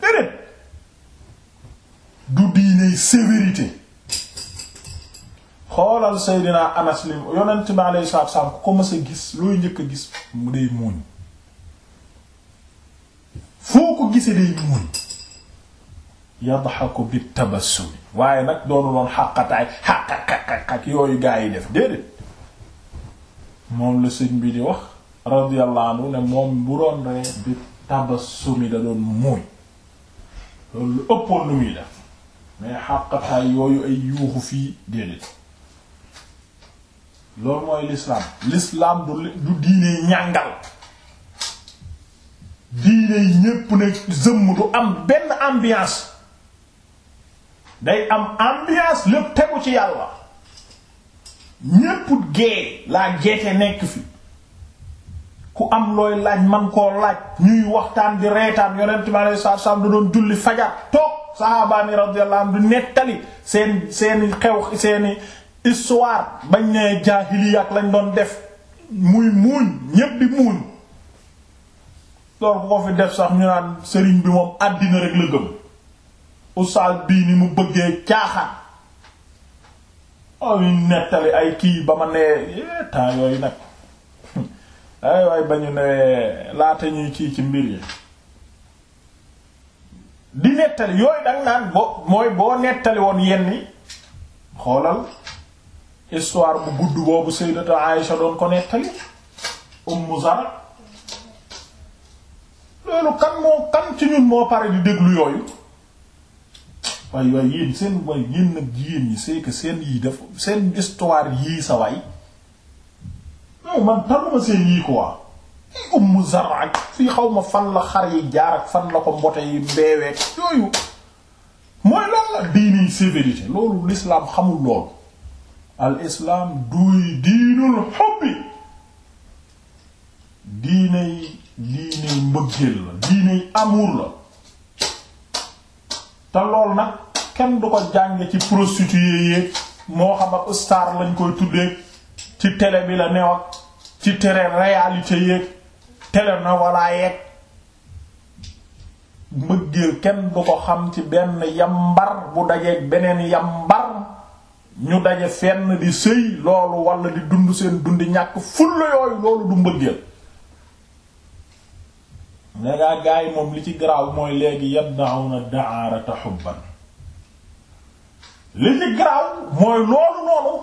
A: déedéet du diiney sévérité xoolal Seydina Anas lim yonent bi alayhi salaatu salaam ku ko mës a gis looy njëkk a gis mu day muuñ foo ko gisee day muuñ yadxaku bi tabassum waaye nag doonu loon xàqataay xàqaqaqaq yooyu gaa yi def déedéet moom la sëñ bi di wax radiyallahu anhu ne moom bu doon ree bi tabassumi da doon muuy loolu ëppoon lu muy def mais xàqataay yooyu ay yuuxu fii déedéet loolu mooy lislaam lislaam du diine ñàngal diine ñépp ne zëmm du am benn ambiance day am ambiance lépp tegu ci yàlla ñépp gee laa geete nekk fi ku am looy laaj man koo laaj ñuy waxtaan di reetaan yonent mi alayhi salaatu salaam du doon julli fajar toog sahabaani radiyallahu anhum du nettali seen seeni xew seeni histoire bañ ne jaahiliya ak lañ doon def muy muuñ ñépp di muuñ loolu ko fi def sax ñu naan sëriñ bi moom àddina rek la gëm oustaz bii ni mu bëggee caaxaan ay nettali ay kii ba ma nee eh, temps yooyu nag ay waay ba ñu newee laata ñuy kii ci mbir yi di nettali yooyu dang naan bo mooy boo nettali woon yenni xoolal histoire bu gudd boobu sayyidatu Aïsha doon ko nettali Ummu Zara loolu kan moo kan ci ñun moo pare di déglu yooyu waay waay yéen seen waay yéen nag jigéen ñi c'est que seen yii dafa seen histoire yii sa waay non man taluma seen yii quoi i ummu zar ak fii xaw ma fan la xar yi jaar ak fan la ko mbote yi beeweeg yooyu mooy loolu la diini sévérité loolu l'islam xamul lool al duy diinul hubbi diinay diinay mbëggeel la diinay amour la te lool nag kenn du ko jànge ci prostituée yéeg moo xam ak star lañ koy tuddee ci télé bi la neew ak ci télé réalité yéeg télé na walla yeeg mbëggeel kenn du ko xam ci benn yambar bu dajeeg beneen yambar ñu daje fenn di sëy loolu walla di dund seen dundi ñàkk fulla yooyu loolu du mbëggeel ne ngaa yi moom li ci garaaw mooy léegi yad'una da'arata hubban li ci garaaw mooy loolu noonu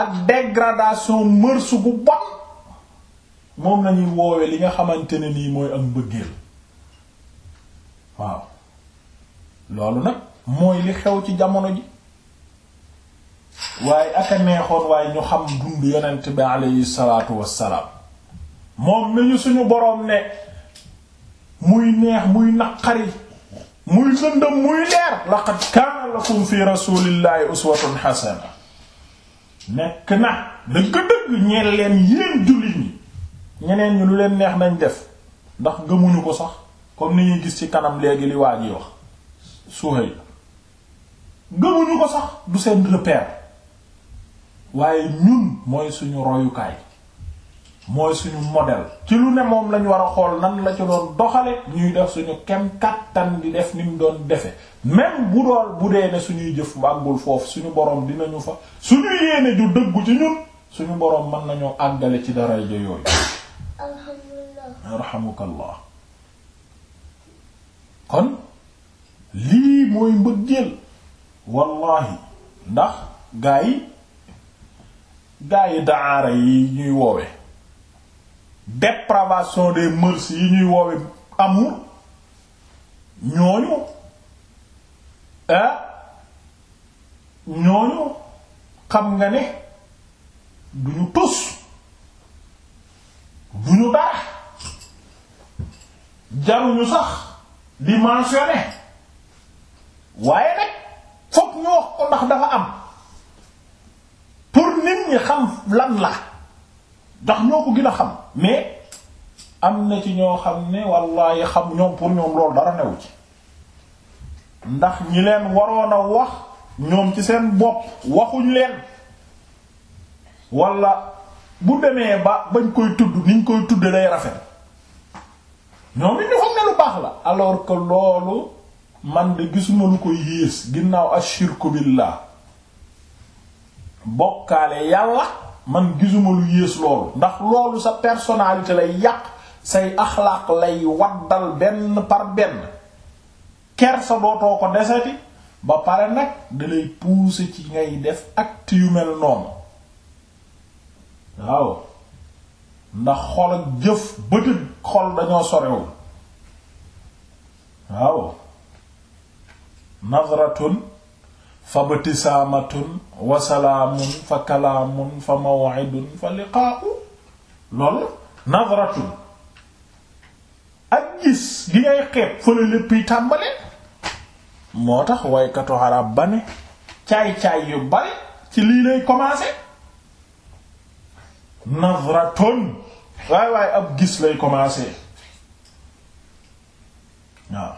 A: ak dégradation mërsu gu bon moom nañuy woowe li nga xamante ne nii mooy ak mbëggeel waaw loolu nag mooy li xew ci jamono ji waaye ak neexoon waaye ñu xam dund yonent bi aleyhi salaatu wassalaam moom mi ñu suñu boroom ne muy neex muy naqari muy lëndëm muy leer laqad kaana lakum fi rasulillahi uswatun hasana nekk na dëgg-dëgg ñeel leen yéen jullit ñi ñeneen ñu lu leen neex nañ def ndax gëmuñu ko sax comme ni gis ci kanam léegi li waa ji wax Suhayl gëmuñu ko sax du seen repère waaye ñun mooy suñu royukaay mooy suñu model ci lu ne moom lañu war a xool nan la ci doon doxale ñuy def suñu kem kattan di def ni mu doon defe même bu dool bu dee ne suñuy jëf àggul foofu suñu borom dinañu fa suñu yéene ju dëggu ci ñun suñu borom mën nañoo àggale ci dara ja yooyu alhamdulillah arhamukallah kon lii mooy mbëggeel wallahi ndax gaa yi gaa yi daara yi ñuy woowe dépravation des mœurs yi ñuy woowe amour ñooñu ah ñooñu xam nga ne duñu tus duñu dara jaruñu sax di mentionner waaye nag fokk ñu wax ko ndax dafa am pour nit ñi xam lan la ndax ñoo ko gën a xam mais am na ci ñoo xam ne wallaahi xam ñoom pour ñoom loolu dara newu ci ndax ñi leen waroon a wax ñoom ci seen bopp waxuñ leen wala bu demee ba bañ koy tudd niñ koy tudd day rafet ñoom it ñu xam ne lu baax la alors que loolu man de gisuma lu koy yées ginnaaw ashirku billah bokkaale yàlla man gisuma lu yées loolu ndax loolu sa personnalité lay yàq say axlaaq lay waddal benn par benn kersa dootoo ko deseti ba pare nag dalay pousser ci ngay def acte yu mel noonu waaw ndax xol ak jëf bëtëg xol dañoo sorewul waaw nazratun fa btisaamatun wa salaamun fa kalaamun fa maw'idun fa liqaa'u loolu nadratun ak gis gi ngay xeeb fële lépp yi tàmbale moo tax waykatu arab ba ne caay-caay yu bari ci lii lay commencer nadratun waay waay ab gis lay commencer waaw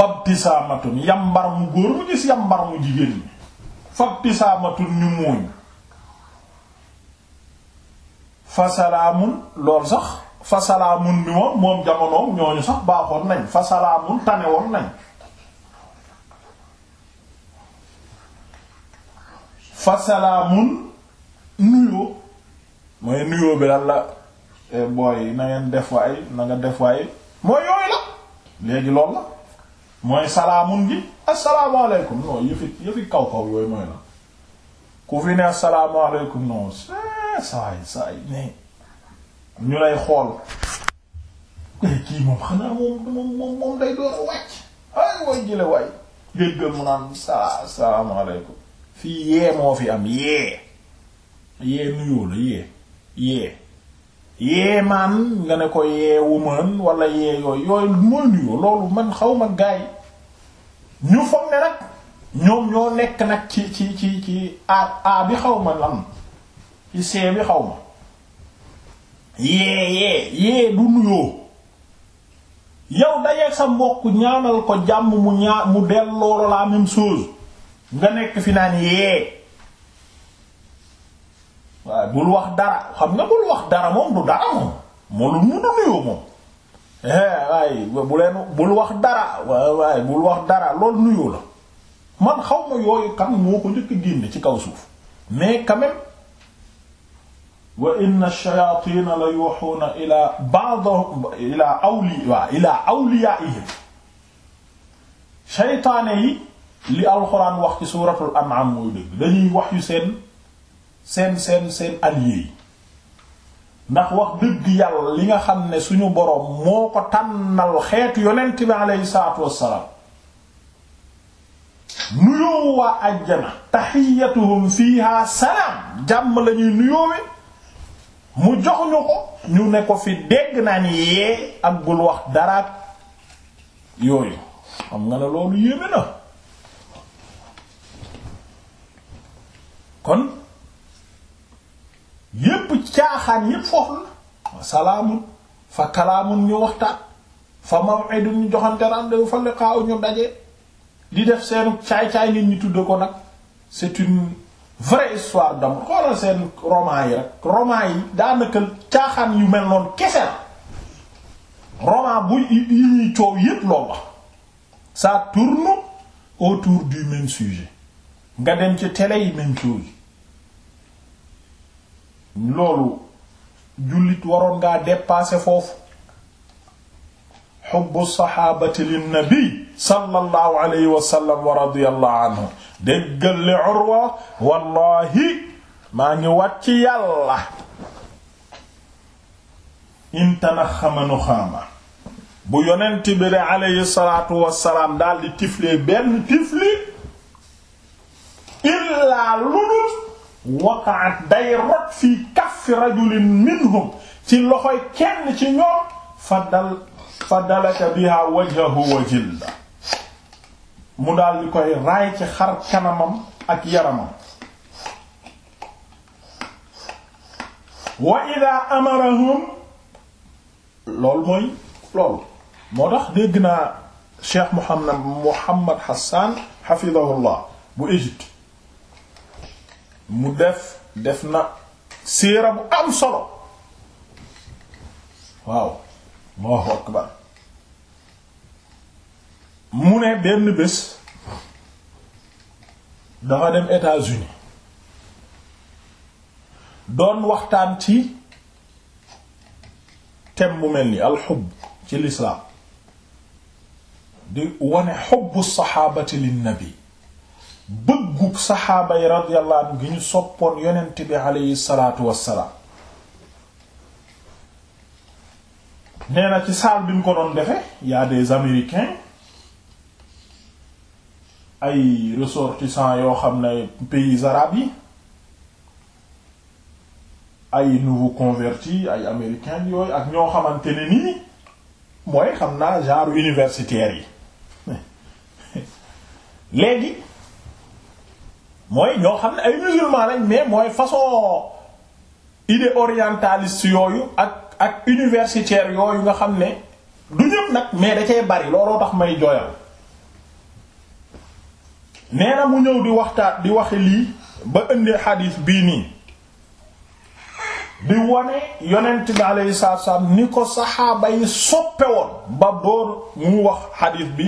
A: fabtisaamatun yambar mu góor mu gis yambar mu jigéen ñi fabtisaamatun ñu muuñ fasalaamun lool sax fasalaamun bi moom moom jamonoom ñooñu sax baaxoon nañ fasalaamun tanewoon nañ fasalaamun nuyoo mooy nuyoo bi lan la eh, booy na ngeen def waay na def waay mooy yooyu la léegi lool la mooy salaamun gi asalaamaaleykum non yëfi yëfi kaw kaw yooyu mooy la ku fi ne asalaamaaleykum non eh, saay saay ne ñu lay xool eh, kii moom xanaa moom moom moom day door a ay way jële waay déggal mu naan sa salaamaaleykum fii yee moo fi am yee yee nuyoo la yee yee yeemaan nga ne ko yeewumaan wala yee yooyu yooyu mooy nuyoo loolu man xaw ma gaay ñu foog nag ñoom ñoo nekk nag ci ci ci ci a a bi xaw ma lan ci see bi xaw ma yee yee yee du nuyoo yow dajeeg sa mbokk ñaanal ko jàmm mu ñaa mu delloo la même chose nga nekk fi naan yee waaye bul wax dara xam nga bul wax dara moom du dara moom moo lu munu nuyoo moom eh, waaye bu bul wax dara waaye bul wax dara loolu nuyoo la man xaw ma yooyu kan moo ko njëkk génne ci kaw suuf mais quand même wa inna ash-shayatina la yuhuna ila ba'd ila awliya ila awliyaihim shaytaane yi li alxuraan wax ci suratul an'am mooy dëgg dañuy wax yu seen seen seen seen at yi ndax wax dëgg yàlla li nga xam ne suñu boroom moo ko tànnal xeetu yonent bi aleyhi salaatu wassalaam nuyoo waa àjjana taxiyatuhum fiiha salaam jàmm lañuy nuyoowe mu jox ñu ko ñu ne ko fi dégg naan yee ak bul wax daraat yooyu xam nga ne loolu yéeme na kon yépp caaxaan yépp foofu la salaamun fa kalaamun ñu waxtaan fa maw'idun ñu joxante rendez-vous fa liqa'u ñu daje di def seen caay-caay nit ñi tudde ko nag c'est une vraie histoire d'amour xoolal seen roman yi rek roman yi daanaka caaxaan yu mel noon kese la roman bu yi ñuy coow yépp loolu la ça autour du même sujet nga dem ci télé yi même chose loolu jullit waroon nga dépasser foofu xubbu saxaabati linnabi sallallahu alayhi wa sallam wa radiyallahu anhu déggal li Urwa wallahi maa ngi wàcc yàlla intana xamanu xaama bu yonent bi de alayhi salaatu wassalaam daal di tiflee benn tifli illaa ludul waqa'at day rot fii kaffi rajulin minhum ci loxoy kenn ci ñoom fa dal fa dalaka biha wajhahu wa jilda mu daal di koy raay ci xar kanamam ak yaramam wa ida amarahum loolu mooy loolu moo tax dégg naa cheikh Muhammad Muhammad Hassan hafidahullah bu Égypte mu def def na siira bu am solo waaw Allahu akbar mu ne benn bés dafa dem États-Unis doon waxtaan ci thème bu mel ni alxubb ci lislaam di wane xubbu saxaabati linnabi bëggub saxaaba yi radiyallahu anhu gi ñu soppoon yonent bi aleyhi salaatu wassalaam nee na ci saal bi ñu ko doon defe y'a des américains ay ressortissants yoo xam ne pays arabes yi ay nouveaux convertis ay américains yooyu ak ñoo xamante ne nii mooy xam naa genre universitaires yi léegi mooy ñoo xam ne ay musulman lañ mais mooy façon idée orientaliste yooyu ak ak universitaire yooyu nga xam ne du ñëpp nag mais da cee bari looloo tax may jooyal nee na mu ñëw di waxtaan di waxe lii ba indi xadiis bii nii di wane yonent bi alayhi salaatu wa ni ko saxaaba yi soppe woon ba door mu wax xadiis bi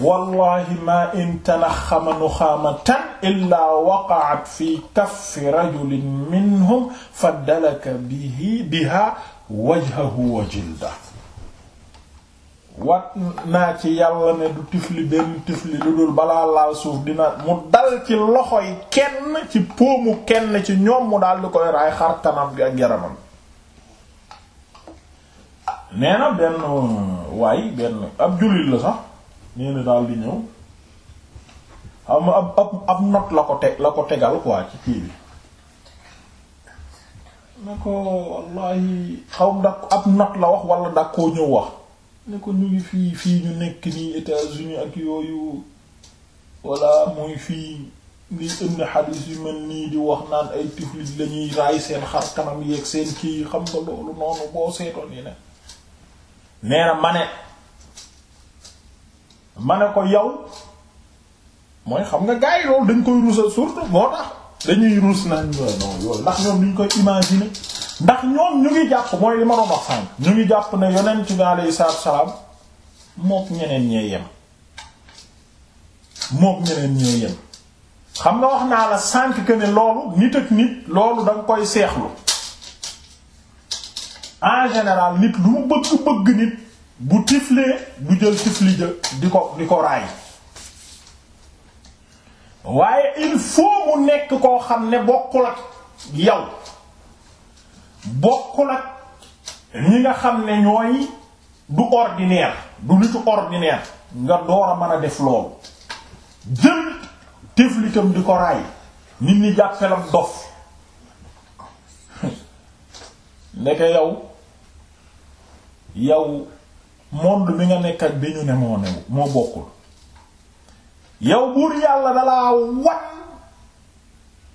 A: wallahi ma in tanaxama nuxaamatan illaa waqaat fi kaffi rajulin minhum fa dalaka bihi biha wajhahu wa jilda wat naa ci yàlla ne du tifli benn tifli lu dul balaa laal suuf dina mu dal ci loxoy kenn ci póomu kenn ci ñoom mu daal di koy raay xar kanam gi ak yaramam benn waay benn ab jullit la sax nee daal di ñëw xam nga ab ab ab la ko teg la ko tegal quoi ci kii bi ne ko wallahi xaw ma da ab note la wax walla da koo ñëw wax ne ko ñu ngi fii fii ñu nekk nii États-Unis ak yooyu wala muy fii liy indi xadiis yu mel nii di wax naan ay tiflit lañuy raay seen xar kanam yeeg seen kii xam nga loolu noonu boo seetoon yi ne nee na ma ne ko yow mooy xam nga gars loolu dañ koy rusa surtout moo tax dañuy ruus na non yooyu ndax ñoom luñ koy imaginer ndax ñoom ñu ngi jàpp mooy li ma doon wax sànq ñu ngi jàpp ne yonent bi alayhi salaam mook ñeneen ñee yem xam nga wax naa la sànq que ne loolu nit ak nit loolu da koy seexlu en général nit lu mu bëgg bëgg nit bu tiflee du jël tifli ja di ko di ko raay waaye il faut mu nekk koo xam ne bokkul ak yow bokk ak ñi nga xam ne ñooy du ordinaire du nitu ordinaire nga door a mën a def loolu jël tiflitam di ko raay nit ñi jàppelam dof ndeke yow yow monde mi nga nekkat bi ñu ne moo new moo bokkul yow buur yàlla dalaa wan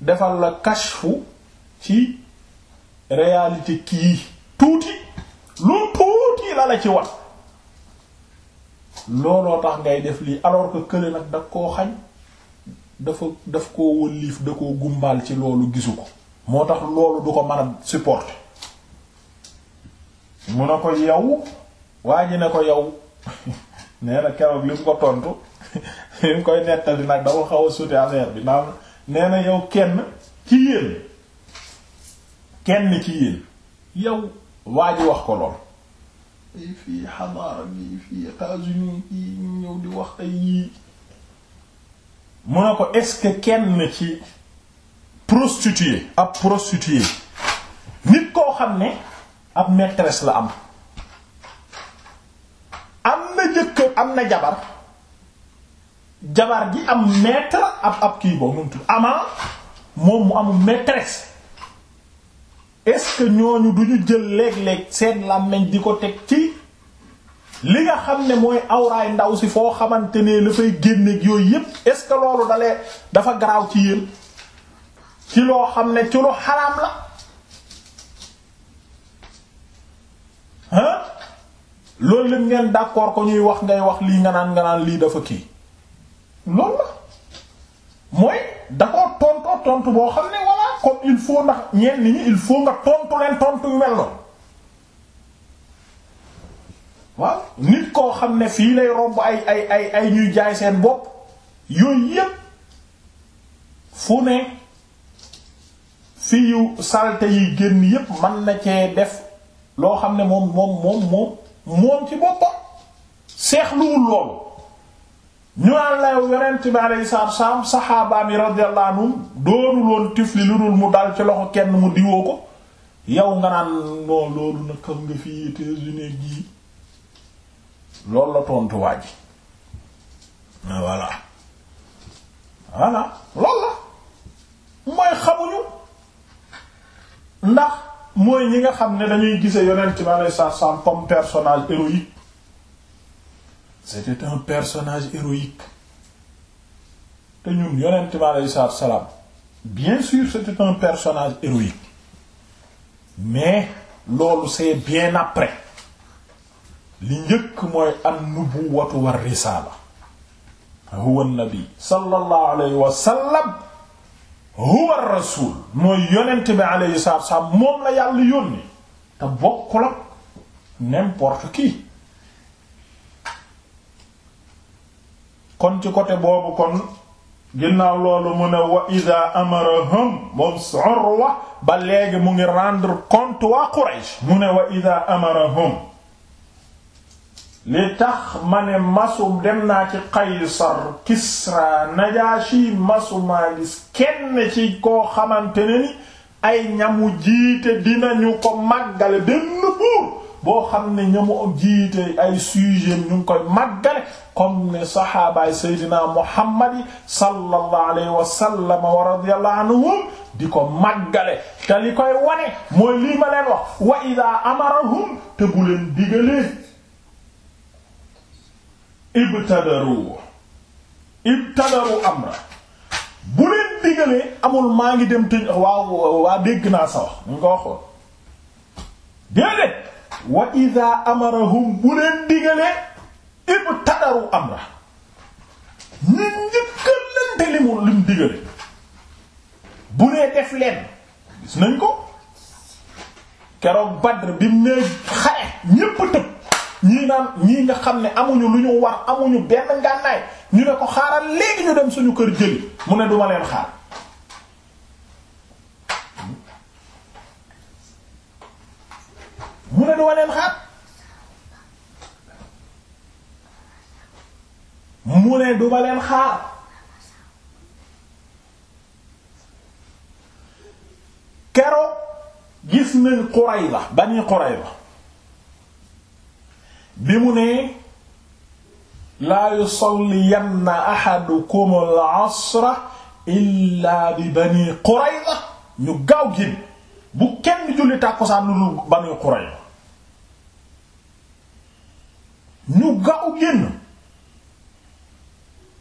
A: defal la kashfu ci réalité kii tuuti lu tuuti la la ci wan looloo tax ngay def lii alors que kële nag da koo xañ dafa daf koo wëlliif da koo gumbaal ci loolu gisu ko moo tax loolu du ko mën a supporter mun a ko yow waa ji ne ko yow nee na keroog li mu ko tontu li koy nettali nag dafa xaw a sute bi naam nee na yow kenn ci yéen kenn ci yéen yow waa ji wax ko lool i fii wax ay yii ko est-ce que kenn ci prostituée ab prostituée nit koo xam ne ab maîtresse la am am na jëkkër am na jabar jabar ji am maître ab ab kii boobu nu mu moom mu am metres est-ce ñooñu du ñu jël léeg-léeg seen làmmiñ di ko teg ci li nga xam ne mooy awraay ndaw si foo xamante ne la fay génneeg yooyu yépp est-ce loolu dalee dafa garaaw ci yéen ci loo xam ne ci lu xaraam la loolu lépp ngeen d'accord ko ñuy wax ngay wax lii nga naan nga naan lii dafa kii loolu la mooy da ko tontu boo xam ne walla comme il faut ndax ñenn ñi il faut nga tontu leen tontu yu mel noonu waaw nit koo xam ne fii lay romb ay ay ay ñuy jaay seen bopp yooyu yépp fu ne fii yu salte yi génn yépp man na cee def loo xam ne moom moom moom moom moom ci boppam seexluwul loolu ñu naan la yonent bi alayhi salaatu wassalaam saxaabaam yi radiyallahu tifli lu dul mu dal ci loxo kenn mu diwoo ko yow nga naan loolu nag xam nga fii États-Unis gi loolu la tontu waa ji ah, voilà loolu la mooy xamuñu ndax. mooy ñi nga xam ne dañuy gise yonent bi alayhi salaam comme personnage héroïque c'était un personnage héroïque te ñun yonent bi alayhi salaam bien sûr c'était un personnage héroïque mais loolu c'est bien après li njëkk mooy an-nubuwwatu war risaala huwa an-nabi sallallahu alayhi wa sallam huwa rasul mooy yonent bi alayhi salaatu wasallam moom la yàlla yónni te bokkul ak qui kon ci côté boobu kon ginnaaw loolu mu ne wa ida amarahum moom Urwa ba léegi mu ngi rendre compte waa Quraysh mu ne wa ida amarahum li tax ma ne masu dem naa ci Qaysar Kisra Najaashi masu maa gis kenn koo xamante ne ni ay ñamu jiite dinañu ko màggale benn buur boo xam ne ñamu jiite ay sujet ñu ngi koy màggale comme ne Seydina Muhammad sallallahu alayhi wa sallam wa radiyallahu di ko màggale te li koy wane mooy lii ma leen wax wa idaa te bu leen ibtadaru ibtadaru amra bu leen digalee amul maa ngi dem tëj waaw waa dégg naa sa wax ñu ko waxoon déedéet wa ida amarahum bu leen digalee ibtadaru amra ñu njëkkalante li mu lim digale bu nee def leen gis nañ ko keroog Badr bi mu xare ñépp tëb ñii naan ñii nga xam ne amuñu lu ñu war amuñu benn ngànnaay ñu ne ko xaaral léegi ñu dem suñu kër jëli mu ne duma leen xaar mu ne duma leen xaar mu ne duma leen xaar kero gis nañ Qurayza bi mu nee laa yusalliyanna ahadukum al-asra illaa bi bani Qurayza ñu gaaw gin bu kenn julli tàkkusaan lu dul bani Qurayza ñu gaaw génn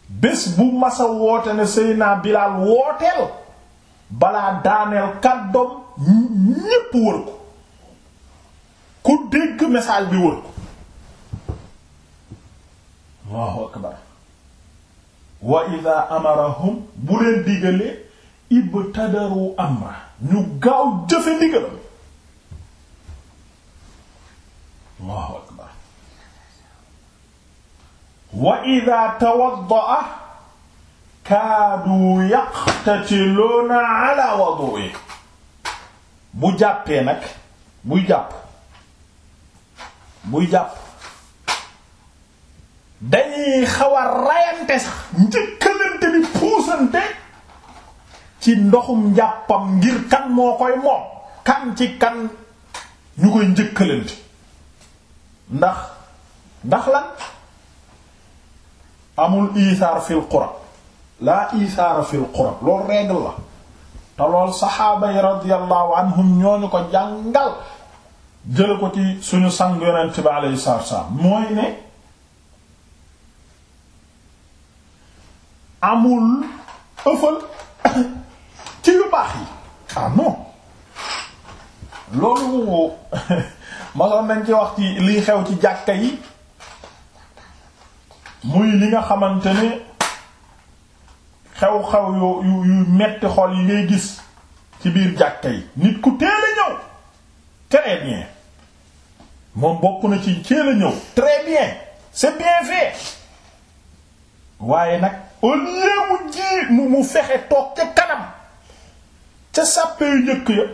A: bés bu masa woote ne Seydina Bilaal wooteel balaa daaneel kàddoom ñépp wër ko ku dégg message bi wër ko allahu akbar wa ida amarahum bu leen digalee ibtadaru amra ñu gaaw jëfe ndigalam allahu akbar wa ida tawaddaa kaadu yaqtatiluuna ala wudu'i bu jàppee nag buy jàpp buy jàpp dañuy xaw a sax njëkkalante bi puusante ci ndoxum njàppam ngir kan moo koy moom kan ci kan ñu koy njëkkalante ndax ndax lan amul isaar fil qura laa isaara fil qura loolu règle la te lool saxaaba yi radiyallahu anhum ñooñu ko jàngal jële ko ci suñu sang yonent bi alayhi salaam mooy ne amul ëffal ci yu baax yi ah non loolu mu masoon nañ ci wax ci liy xew ci jàkka yi nga xamante ne xew-xew yu yu metti xol yi ngay gis ci biir jàkka yi nit ku teel ñëw très bien moom bokk na ci teel ñëw très bien c'est bien fait waaye nag au lieu mu mu fexe toog ca kanam ca sàppe yu njëkk ya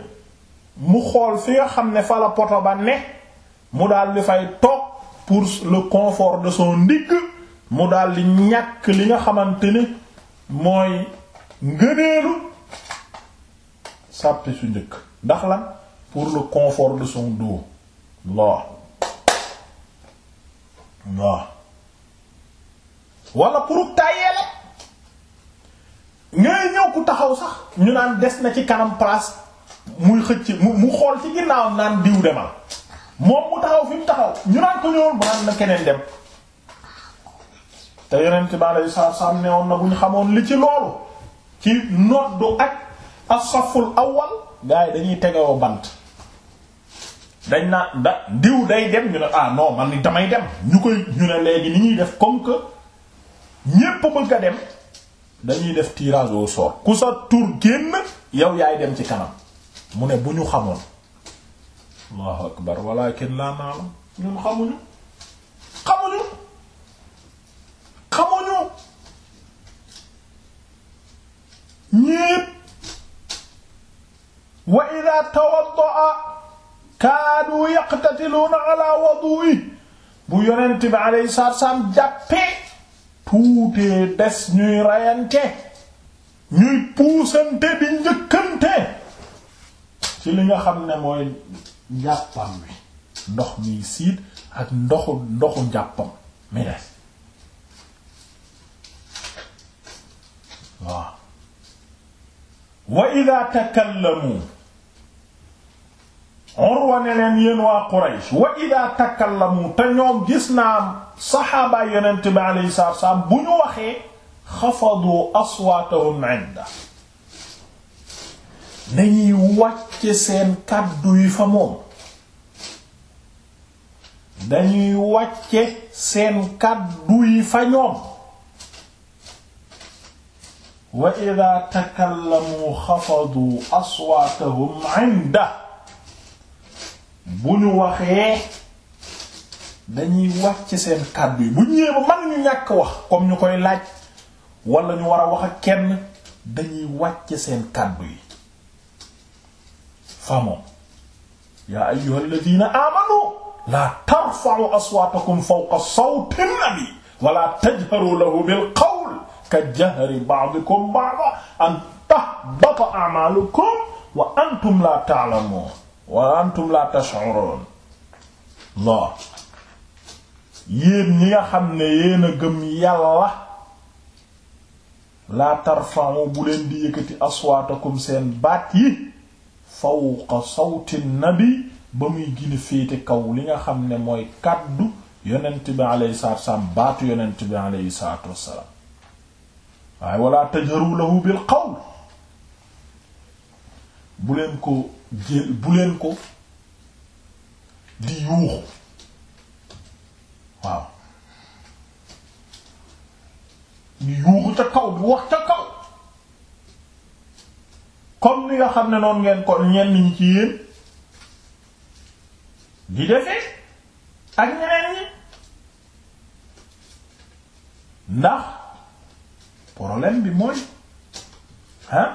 A: mu xool fi nga xam ne fa la poto ba ne mu daal di fay toog pour le confort de son ndigg mu daal di ñàkk li nga xamante ni mooy ngëneelu sàppe su njëkk ndax lan pour le confort de son dos waaw waaw wala pour tàyyeele ngay ñëw ku taxaw sax ñu naan des na ci kanam place muy xëcc mu xool ci ginnaaw naan diw demal moom mu taxaw fi mu taxaw ñu naan ko ñëwoon keneen dem te yonent bi alayhi salaatu salaam na bu ñu xamoon li ci loolu ci noddu ak as-saful awwal gars yi dañuy tegewoo bant dañ naa da diw day dem ñu ne ah non man ni damay dem ñu koy ñu ne léegi ni ñuy def comme que ñépp bëgg a dem dañuy def tirage au sort ku sa tur génn yow dem ci kanam mu ne bu ñu xamoon allahu akbar walakin laa naalam ñun xamuñu xamuñu xamuñu ñépp wa ida tawaddaa kaadu yaqtatiluuna ala wudu'i bu yonent bi alayhi salaatu wa tuutee des ñuy rayante ñuy puusante di njëkkante ci li nga xam ne mooy njàppam wi ndox miy siit ak ndoxu ndoxu njàppam mi des waaw wa ida takallamu Urwa ne leen yéen waa Quraysh wa ida takallamu te ñoom gis naa saxaabaay yonent bi alayhi salaatu wa salaam bu ñu waxee xafadu aswaatahum inda dañuy wàcce seen kàddu yi fa moom dañuy wàcce seen kàddu yi fa ñoom wa idaa takallamu xafadu aswaatahum inda bu ñu waxee dañuy wax ci seen kàddu yi bu ñëwee ba mënuñu ñàkk wax comme ñu koy laaj wala ñu war a wax ak kenn dañuy wàcc seen kàddu yi fa moom yaa ayyuhal ladina amanu la tarfa'u aswatakum fawqa sawti nabi wala tajharu lahu bil qawl ka jahri ba'dikum ba'dan an tahbata a'malukum wa antum la ta'lamun wa antum la tash'urun Allah yéen ñi nga xam ne yéen gëm yàlla laa tarfa'u bu leen di yëkkati aswaatakum seen baat yi fawqa sawti nabi ba muy gina féete kaw li nga xam ne mooy kàddu yonent bi alayhi salaatu wassalaam baatu yonent bi alayhi salaatu waaye wala tajharu lahu bil qawl bu leen ko jël bu leen ko di yuuxu waaw ñu yuuxu ca kaw bi wax ca kaw comme li nga xam ne noonu ngeen kon ñenn ñi ci yéen di defee
B: ak ñeneen ñi
A: ndax problème bi mooy ah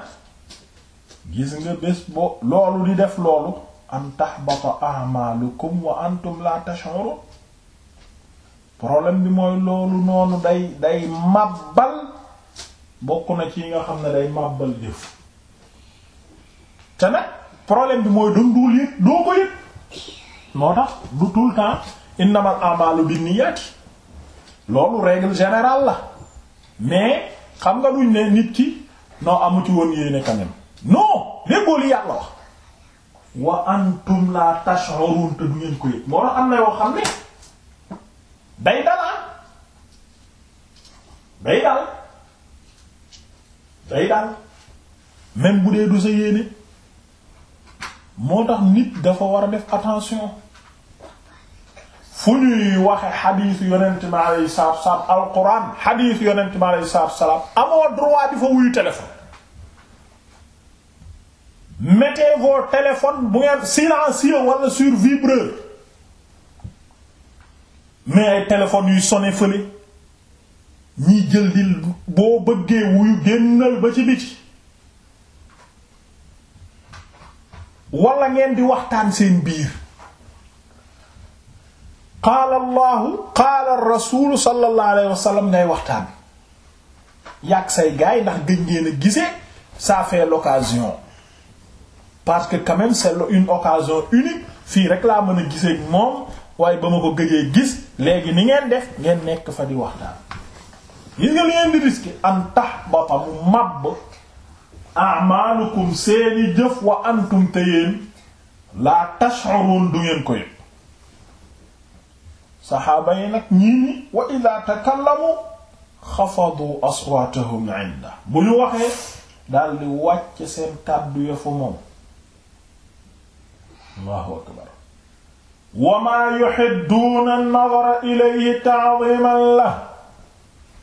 A: gis nga bés boo loolu di def loolu an tahbata a'malukum wa antum la tash'urun problème bi mooy loolu noonu day day màbbal bokk na ci nga xam ne day màbbal jëf te problème bi mooy dunduwul yëg doo ko yëg moo tax du tout le temps innamal a'malu binniyati loolu règle générale la mais xam nga duñ ne nit ki noo amu ci woon yéene quand même non déggoo li yàlla wax wa antum la tash'urun te du ngeen ko yëg moo tax am na yoo xam ne day dalaa day dal day ah? bu dee du sa yéene moo tax nit dafa war a def attention fu ñuy waxe xadiis yonent mi alayhi salaatu salaam alquran xadiis yonent mi alayhi salaatu salaam amoo droit di fa wuyu téléphone mettez vos téléphones bu ngeen silencieux wala sur vibreur mais ay téléphone yuy sone fële ñiy jël di boo bëggee wuyu génnal ba ci biti wala ngeen di waxtaan seen biir qaala allahu qaala rasulu sallallahu alayhi ngay waxtaan yàq say gaay ndax gëj ngeen a gisee ça fait l'occasion parce que quand même c'est une occasion unique fii rek laa mën a gisee moom waaye ba ma ko gëjee gis léegi ni ngeen def ngeen nekk fa di waxtaan gis nga li ngeen di risqué am tax ba fa mu màbb a'malukum seeni jëf wa antum te laa tash'urun du ngeen ko yëg saxaaba yi nag ñii ni wa idha takallamu xafadu aswaatahum inda bu ñu waxee daldi wàcc seen kàddu ya fa moom
B: allahu akbar
A: wa maa yuhidduuna an-nazara ilayhi ta'ziiman lahu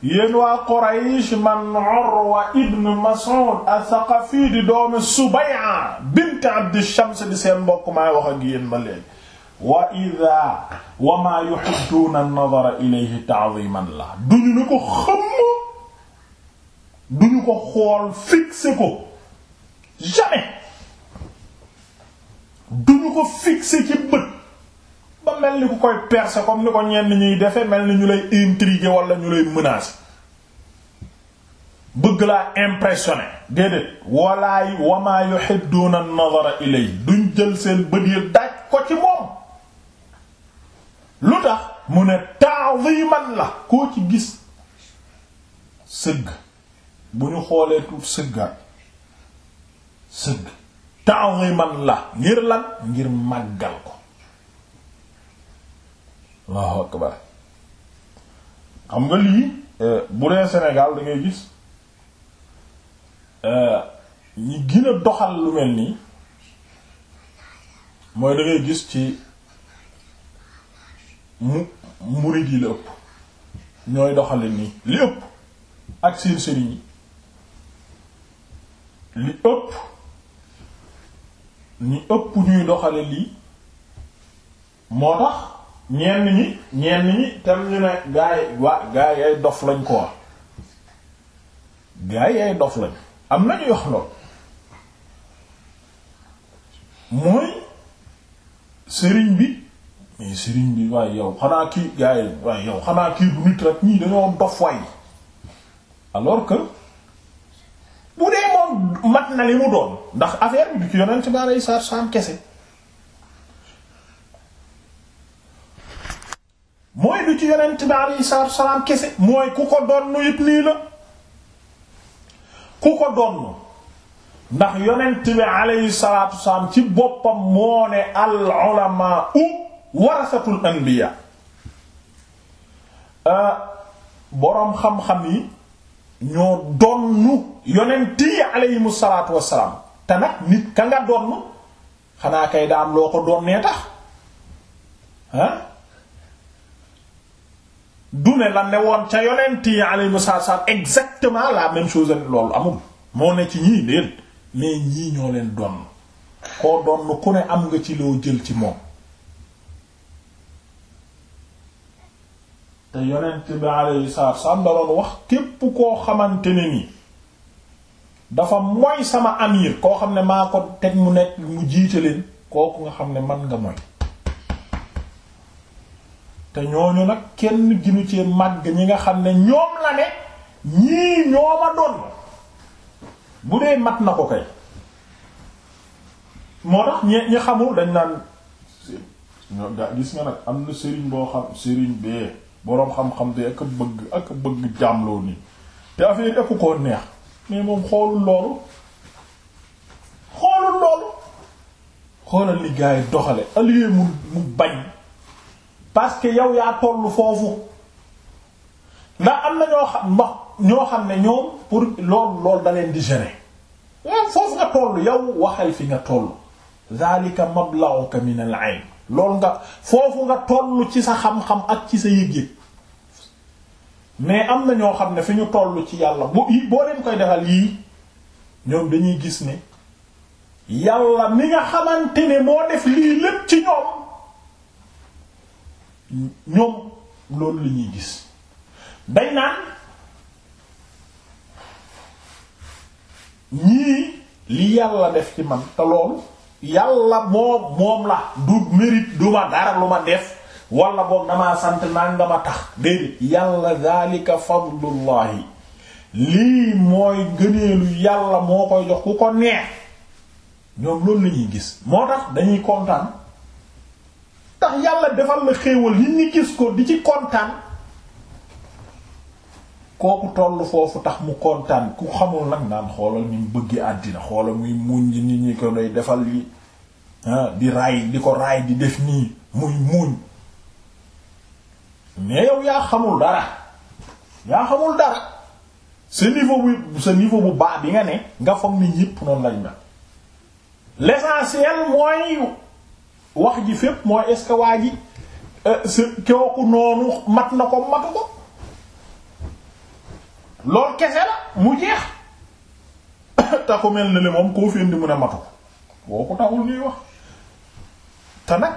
A: yéen waa Quraysh man Urwa ibn Mas'ud ath-Thaqafi di doomi Subay'a bint Abd Shams di seen mbokk maay wax ak yéen ba léegi wa idaa wa maa yuhidduuna an-nazara ilayhi ta'ziiman lahu duñu ni ko xëmm duñu ko xool fixé ko jamais duñu ko fixé ci bët mel ni ku koy percer comme ni ko ñenn ñuy defe mel ni ñu lay intriguer walla ñu lay menacer bëgg laa impressionner déedéet walaay wamaa yuhidduna an-nazara ilay duñ jël seen bët yi daaj ko ci moom lu tax mu ne ta'ziman la koo ci gis sëgg bu ñu xoolee tuut sëggaat sëgg ta'ziman la ngir lan ngir màggal ko Allahu akbar xam nga lii euh, bu dee Sénégal da gis ñi euh, gën doxal lu mel nii mooy da gis ci mu murid yi la ëpp ñooy doxale nii li ëpp ak seen sëriñ yi li ëpp ñi ëpp ñuy doxale lii moo tax ñenn ñi ñeen ñi tam ñu ne gaay waa gaay yay dof lañ ko wax gaay yay dof lañ am nañu yox lool mooy sëriñ bi mais sëriñ bi waaye yow xanaa kii gaay waaye yow xanaa kii bu nit rek ñii dañoo dof way alors que bu dee moom mat na li mu doon ndax affaire bi du ci yonent bi alayhi salaam kese mooy du ci yonent bi alayhi salaatu wa salaam kese mooy ku ko donnu it nii la ku ndax yonent bi alayhi salaatu wa salaam ci boppam moo euh, boroom xam-xam yi ñoo donnu yonent yi alayhimu salaatu wa salaam te nag nit ka nga donn xanaa kay daam loo ko donnee tax ah du ne la ne woon ca yonent yi alayhimu salaam exactement la même chose ak loolu amul moo ne ci ñii leen mais ñii ñoo leen donn koo donn ku ne am nga ci loo jël ci moom te yonent bi alayhi salaam da doon wax képp koo xamante ne ni dafa mooy sama amir koo xam ne maa ko teg mu nekk mu jiite leen kooku nga xam ne man nga mooy te ñooñu nag kenn ginu ci màgg ñi nga xam ne ñoom la ne ñii ñooma doon bu dee mat na ko kay moo tax ñi ñi xamul dañ naan ga gis nga nag am na sëriñ boo xam sëriñ bee boroom xam-xam de ak a bëgg ak a bëgg jaamloo nii te affaire ëpp koo neex mais moom xoolul loolu xoolul loolu xoolal li gaa yi doxale allié mu mu bañ parce que yow yaa tollu foofu ndax am na ñoo xam mboq ñoo xam ne ñoom pour lool lool da leen di gêner waaw foofu nga toll yow waxal fi nga toll zalika mablaghuka min al-ilm loolu nga foofu nga toll ci sa xam-xam ak ci sa yëg mais am na ñoo xam ne fi ñu toll ci yàlla boo boo leen koy defal yii ñoom dañuy gis ni yàlla mi nga xamante ne moo def lii lépp ci ñoom ñoom loolu la ñuy gis dañ naan ñii li yàlla def ci man te loolu yàlla moom moom la du mérite du ma dara lu ma def wala boog damaa sant nanga ma tax déedéet yàlla zalika fadlullahi lii mooy gëneelu yàlla moo koy jox ku ko neex ñoom loolu la gis moo tax dañuy kontaan ndax yàlla defal na xéewal yi ñu gis ko di ci kontaan kooku toll foofu tax mu kontaan ku xamul nag naan xoolal ni bëggee àddina xoolal muy muñ ji nit ñi ko doy defal yi di raay di ko raay di def nii muy muñ mais yow yaa xamul dara yaa xamul dara sa niveau bu sa niveau bu baax bi nga ne nga foog ni yépp noonu lañ mel l'essentiel mooy wax ji fépp mooy est-ce que waa ji sa euh, noonu mat na ko matu ko loolu kese la mu jeex te mel na le moom koo fi indi mu ne matu boo ko taxul ñuy wax te nag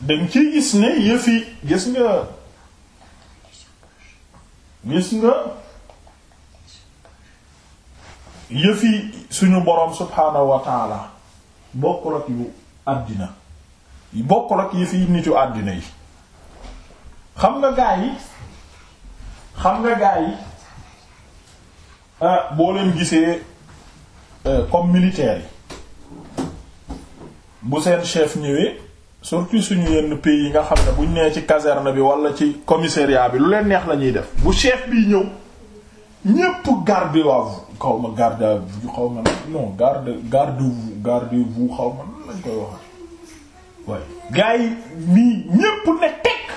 A: dañ ciy gis ne yëf gis nga gis nga yëf suñu boroom subhaanahu wa taala bokkul yu àddina bokk ak yi fi nitu àddina yi xam nga gaa yi xam nga gaa yi ah, boo leen gisee euh, comme militaire yi bu seen chef ñëwee surtout suñu yenn pays yi nga xam ne buñ nee ci caserne bi wala ci commissariat bi lu leen neex la ñuy def bu chef bi ñëw ñépp garde waaw xaw ma garde xaw ma non garde garde vous garde vous xaw ma nan lañ koy wax waaye gaa ñépp ne tekk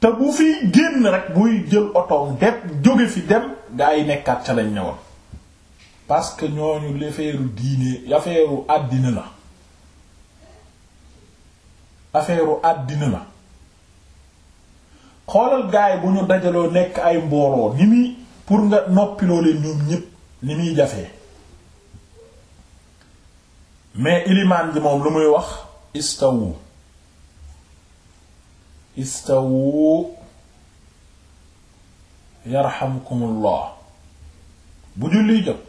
A: te bu fi génn rek buy jël otoom def jóge fi dem gaa yi nekkaat ca lañ ñëwoon parce que ñooñu lefeeru diine afeeru àddina la afeeru àddina la xoolal gaay bu ñu dajaloo nekk ay mbooloo ni muy pour nga noppiloo leen ñoom ñépp ni muy jafee mais ilimaan ji moom lu muy wax istawu istawu yarhamkumullah bu julli jot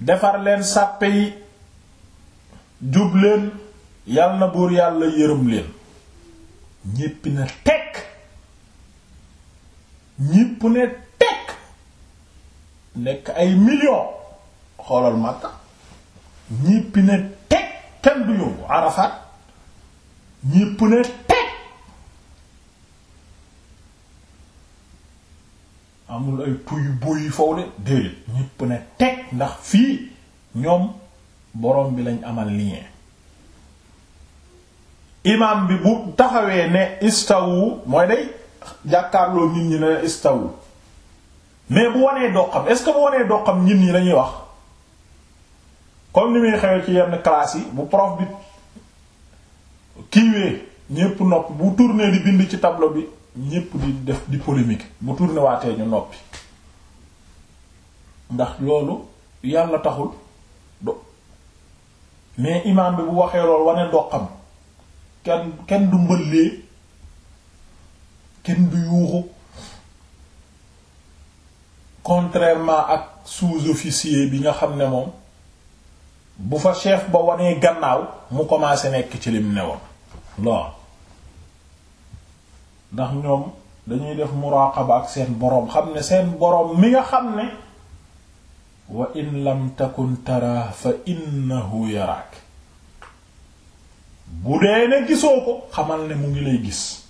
A: defar leen sàppe yi jub leen yal na buur yàlla yërëm leen ñépp na tekk ñépp ne tekk nekk ay million xoolal Makka ñépp ne teg kenn du yóbbu Arafat ñépp ne teg amul ay tuy boy yi faw de déedéet ñépp ne teg ndax fii ñoom borom bi lañ amal lien imam bi bu taxawee ne istawu mooy day jàkkaarloo nit ñi ne istawu mais bu wanee doxam est-ce que bu wanee doxam nit ñi lañuy wax comme ni muy xewee ci yenn classe yi bu prof bi kiiwee ñépp nopp bu tourner di bind ci tablo bi ñépp di def di polémique bu tourner waatee ñu noppi ndax loolu yàlla taxul do mais imaam bi bu waxee loolu wane ndoxam kenn kenn du mbëllee kenn du yuuxu contrairement ak sous-officier bi nga xam ne moom bu fa chef ba wanee gannaaw mu commencé nekk ci lim ne woon lool ndax ñoom dañuy def muraqaba ak seen boroom xam ne seen boroom mi nga xam ne wa in lam takun tara fa innahu yaraak bu dee ne gisoo ko xamal ne mu ngi lay gis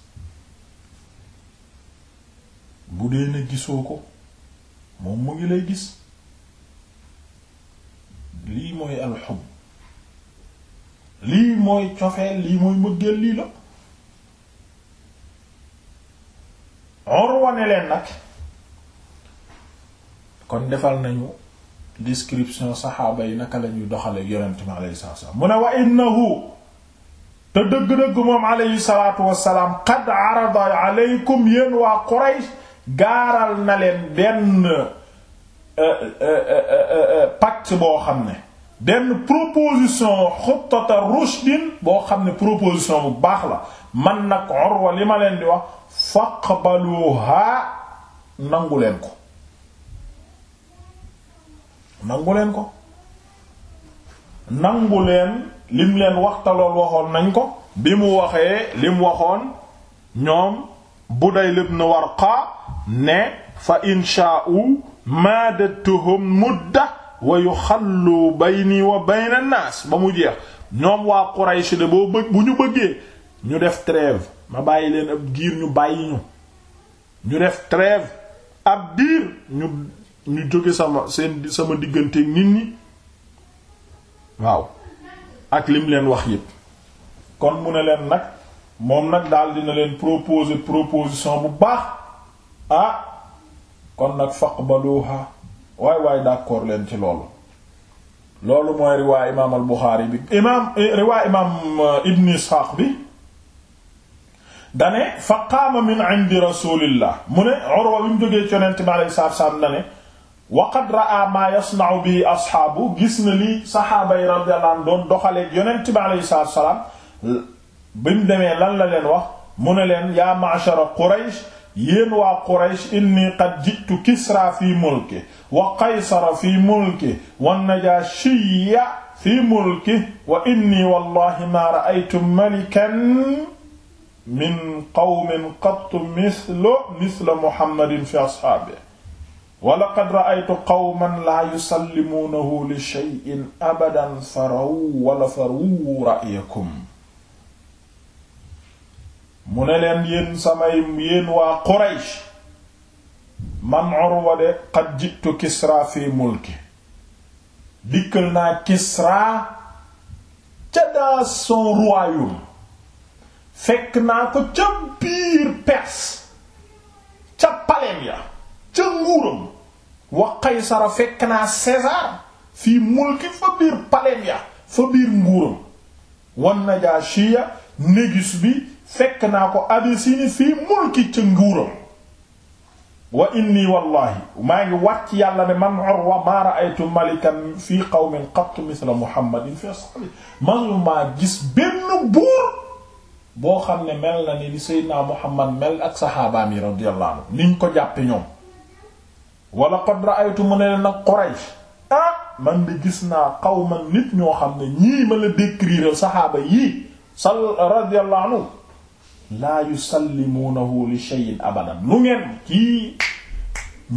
A: bu dee ne gisoo ko moom mu ngi lay gis lii mooy alxub lii mooy cofeel lii mooy mbëggeel lii la Urwa ne leen nag kon defal nañu description saxaaba yi naka lañuy doxale yonent mi alayhi salaatu wassalaam mu ne wa innahu te dëgg-dëgg moom alayhi salaatu wassalaam qad arada aleykum yéen waa Quraysh gaaral na leen benn Euh, euh, euh, pacte boo xam ne benn proposition xuttata rushdin boo xam ne proposition bu baax la man nag Urwa li ma leen di wax faqbaluha nangu leen ko nangu leen ko nangu leen lim leen waxtalool waxoon nañ ko bi mu waxee lim waxoon ñoom bu Budayl ibn Warqa ne fa inshaa'u maadatuhum da wa yuxallu bayni wa bayna naas ba mu jeex ñoom waa Quraysh de boo bëgg bu ñu bëggee ñu def trêve ma bàyyi leen ab giir ñu bàyyi ñu ñu def trêve ab diir ñu ñu jóge sama seen sama diggante nit ñi waaw ak lim leen wax yépp kon mu ne leen nag moom nag daal dina leen proposer proposition bu baax ah kon nag faqbaluha waay waay d'accord leen ci loolu loolu mooy riwaay imaam al bi imaam riwaay imaam euh, Ibn Isxaaq bi dane fa qaama min indi rasulillah mu ne Urwa bi mu jógee ci yonent bi alayhi salaatu salaam dane wa qad ra'a maa yasna'u bi asxaabu gis na lii saxaaba yi radiyallahu doon doxaleeg yonent bi alayhi salaam bi mu demee lan la leen wax mu ne leen yaa ma'shara Quraysh yéen waa Quraysh inni qad ji'tu Kisra fi mulki wa Qaysara fi mulki wa Najaashiya fi mulki wa inni wallahi ma ra'aytu malikan min qawmin qattu mithla mithla Muhammadin fi ashaabihi wa laqad ra'aytu qawman laa yusallimuunahu li shay'in abadan faraw wala faraw ra'yakum mu ne leen yéen samay yéen waa Quraysh man Urwa de qad jitu fi mulki dikkal naa Kisra ca daa son fekk naa ko ca biir Perse ca palem ya ca nguuram wa Qaysara fekk naa César fii mulki fa biir palem ya fa biir nguuram wan Najaashiya négus bi fekk naa ko abisini fii mulki ca nguuram wa inni wallahi maa ngi wàcc yàlla ne man Urwa maa ra'aytu malikan fii qawmin qattu misla Muhammadin fi ashabi masumaa gis benn buur boo xam ne mel na ni li Seydina Muhammad mel ak saxaabaam yi radiyallahu anhu ko jàppe ñoom wala qad ra'aytu mu ne leen nag Quraysh ah man de gis naa qawman nit ñoo xam ne ñii ma la décrire saxaaba yii sal radiyallahu laa yusallimuunahu li shay'in abadan lu ngeen kii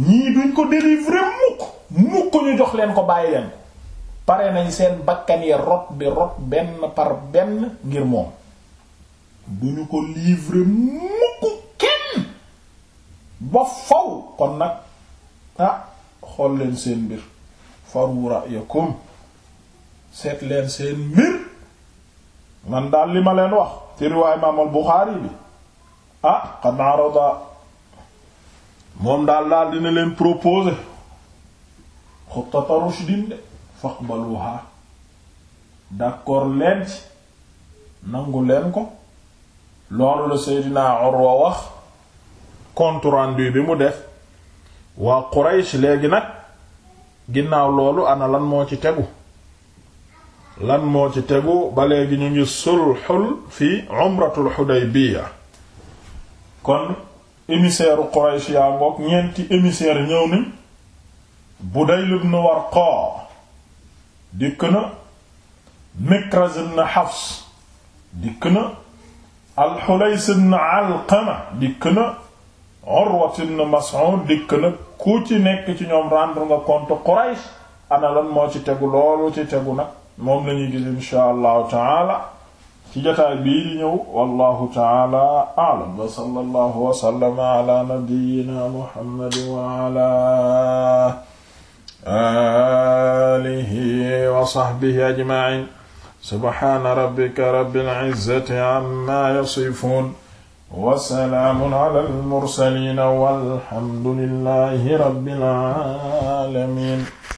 A: ñii duñ ko délivrer mukk mukk ñu jox leen ko bàyyi leen pare nañ seen bakkan yi rot bi rot benn par benn ngir moom duñu ko livrer mukk kenn ba faw kon nag ah xool leen seen mbir faru ra'yakum seet leen seen mbir man daal li ma leen wax ci riwaay imaam al Buxaari bi ah qad arada moom daal daal dina leen proposer xutata rushdin de faqbaluha d'accord leen ci nangu leen ko loolu la Seydina Urwa wax compte rendu bi mu def waa Quraysh léegi nag ginnaaw loolu ana lan moo ci tegu lan moo ci tegu ba léegi ñu ngi sulxul fi umratul Hudaybiya kon émissaire u Quraysh yaa ngoog ñeenti émissaire ñëw nañ Budayl ibn Warqa dikk na Mikraz ibn Hafs dikk na Al-Hulays ibn Alqama dikk na Urwa ibn Mas'ud dikk na ku ci nekk ci ñoom rendre nga compte Quraysh ana lan moo ci tegu loolu ci tegu nag moom lañuy gis insha allahu taala ci jotaay bii di ñëw wallahu taala a'lam wa sallallahu wa sallama ala nabiyyina muhammad wa ala alihi wa sahbihi ajma'in subhana rabbika rabbil izzati amma yasifun wa salaamun ala al mursalin walhamdulillahi rabbil alamin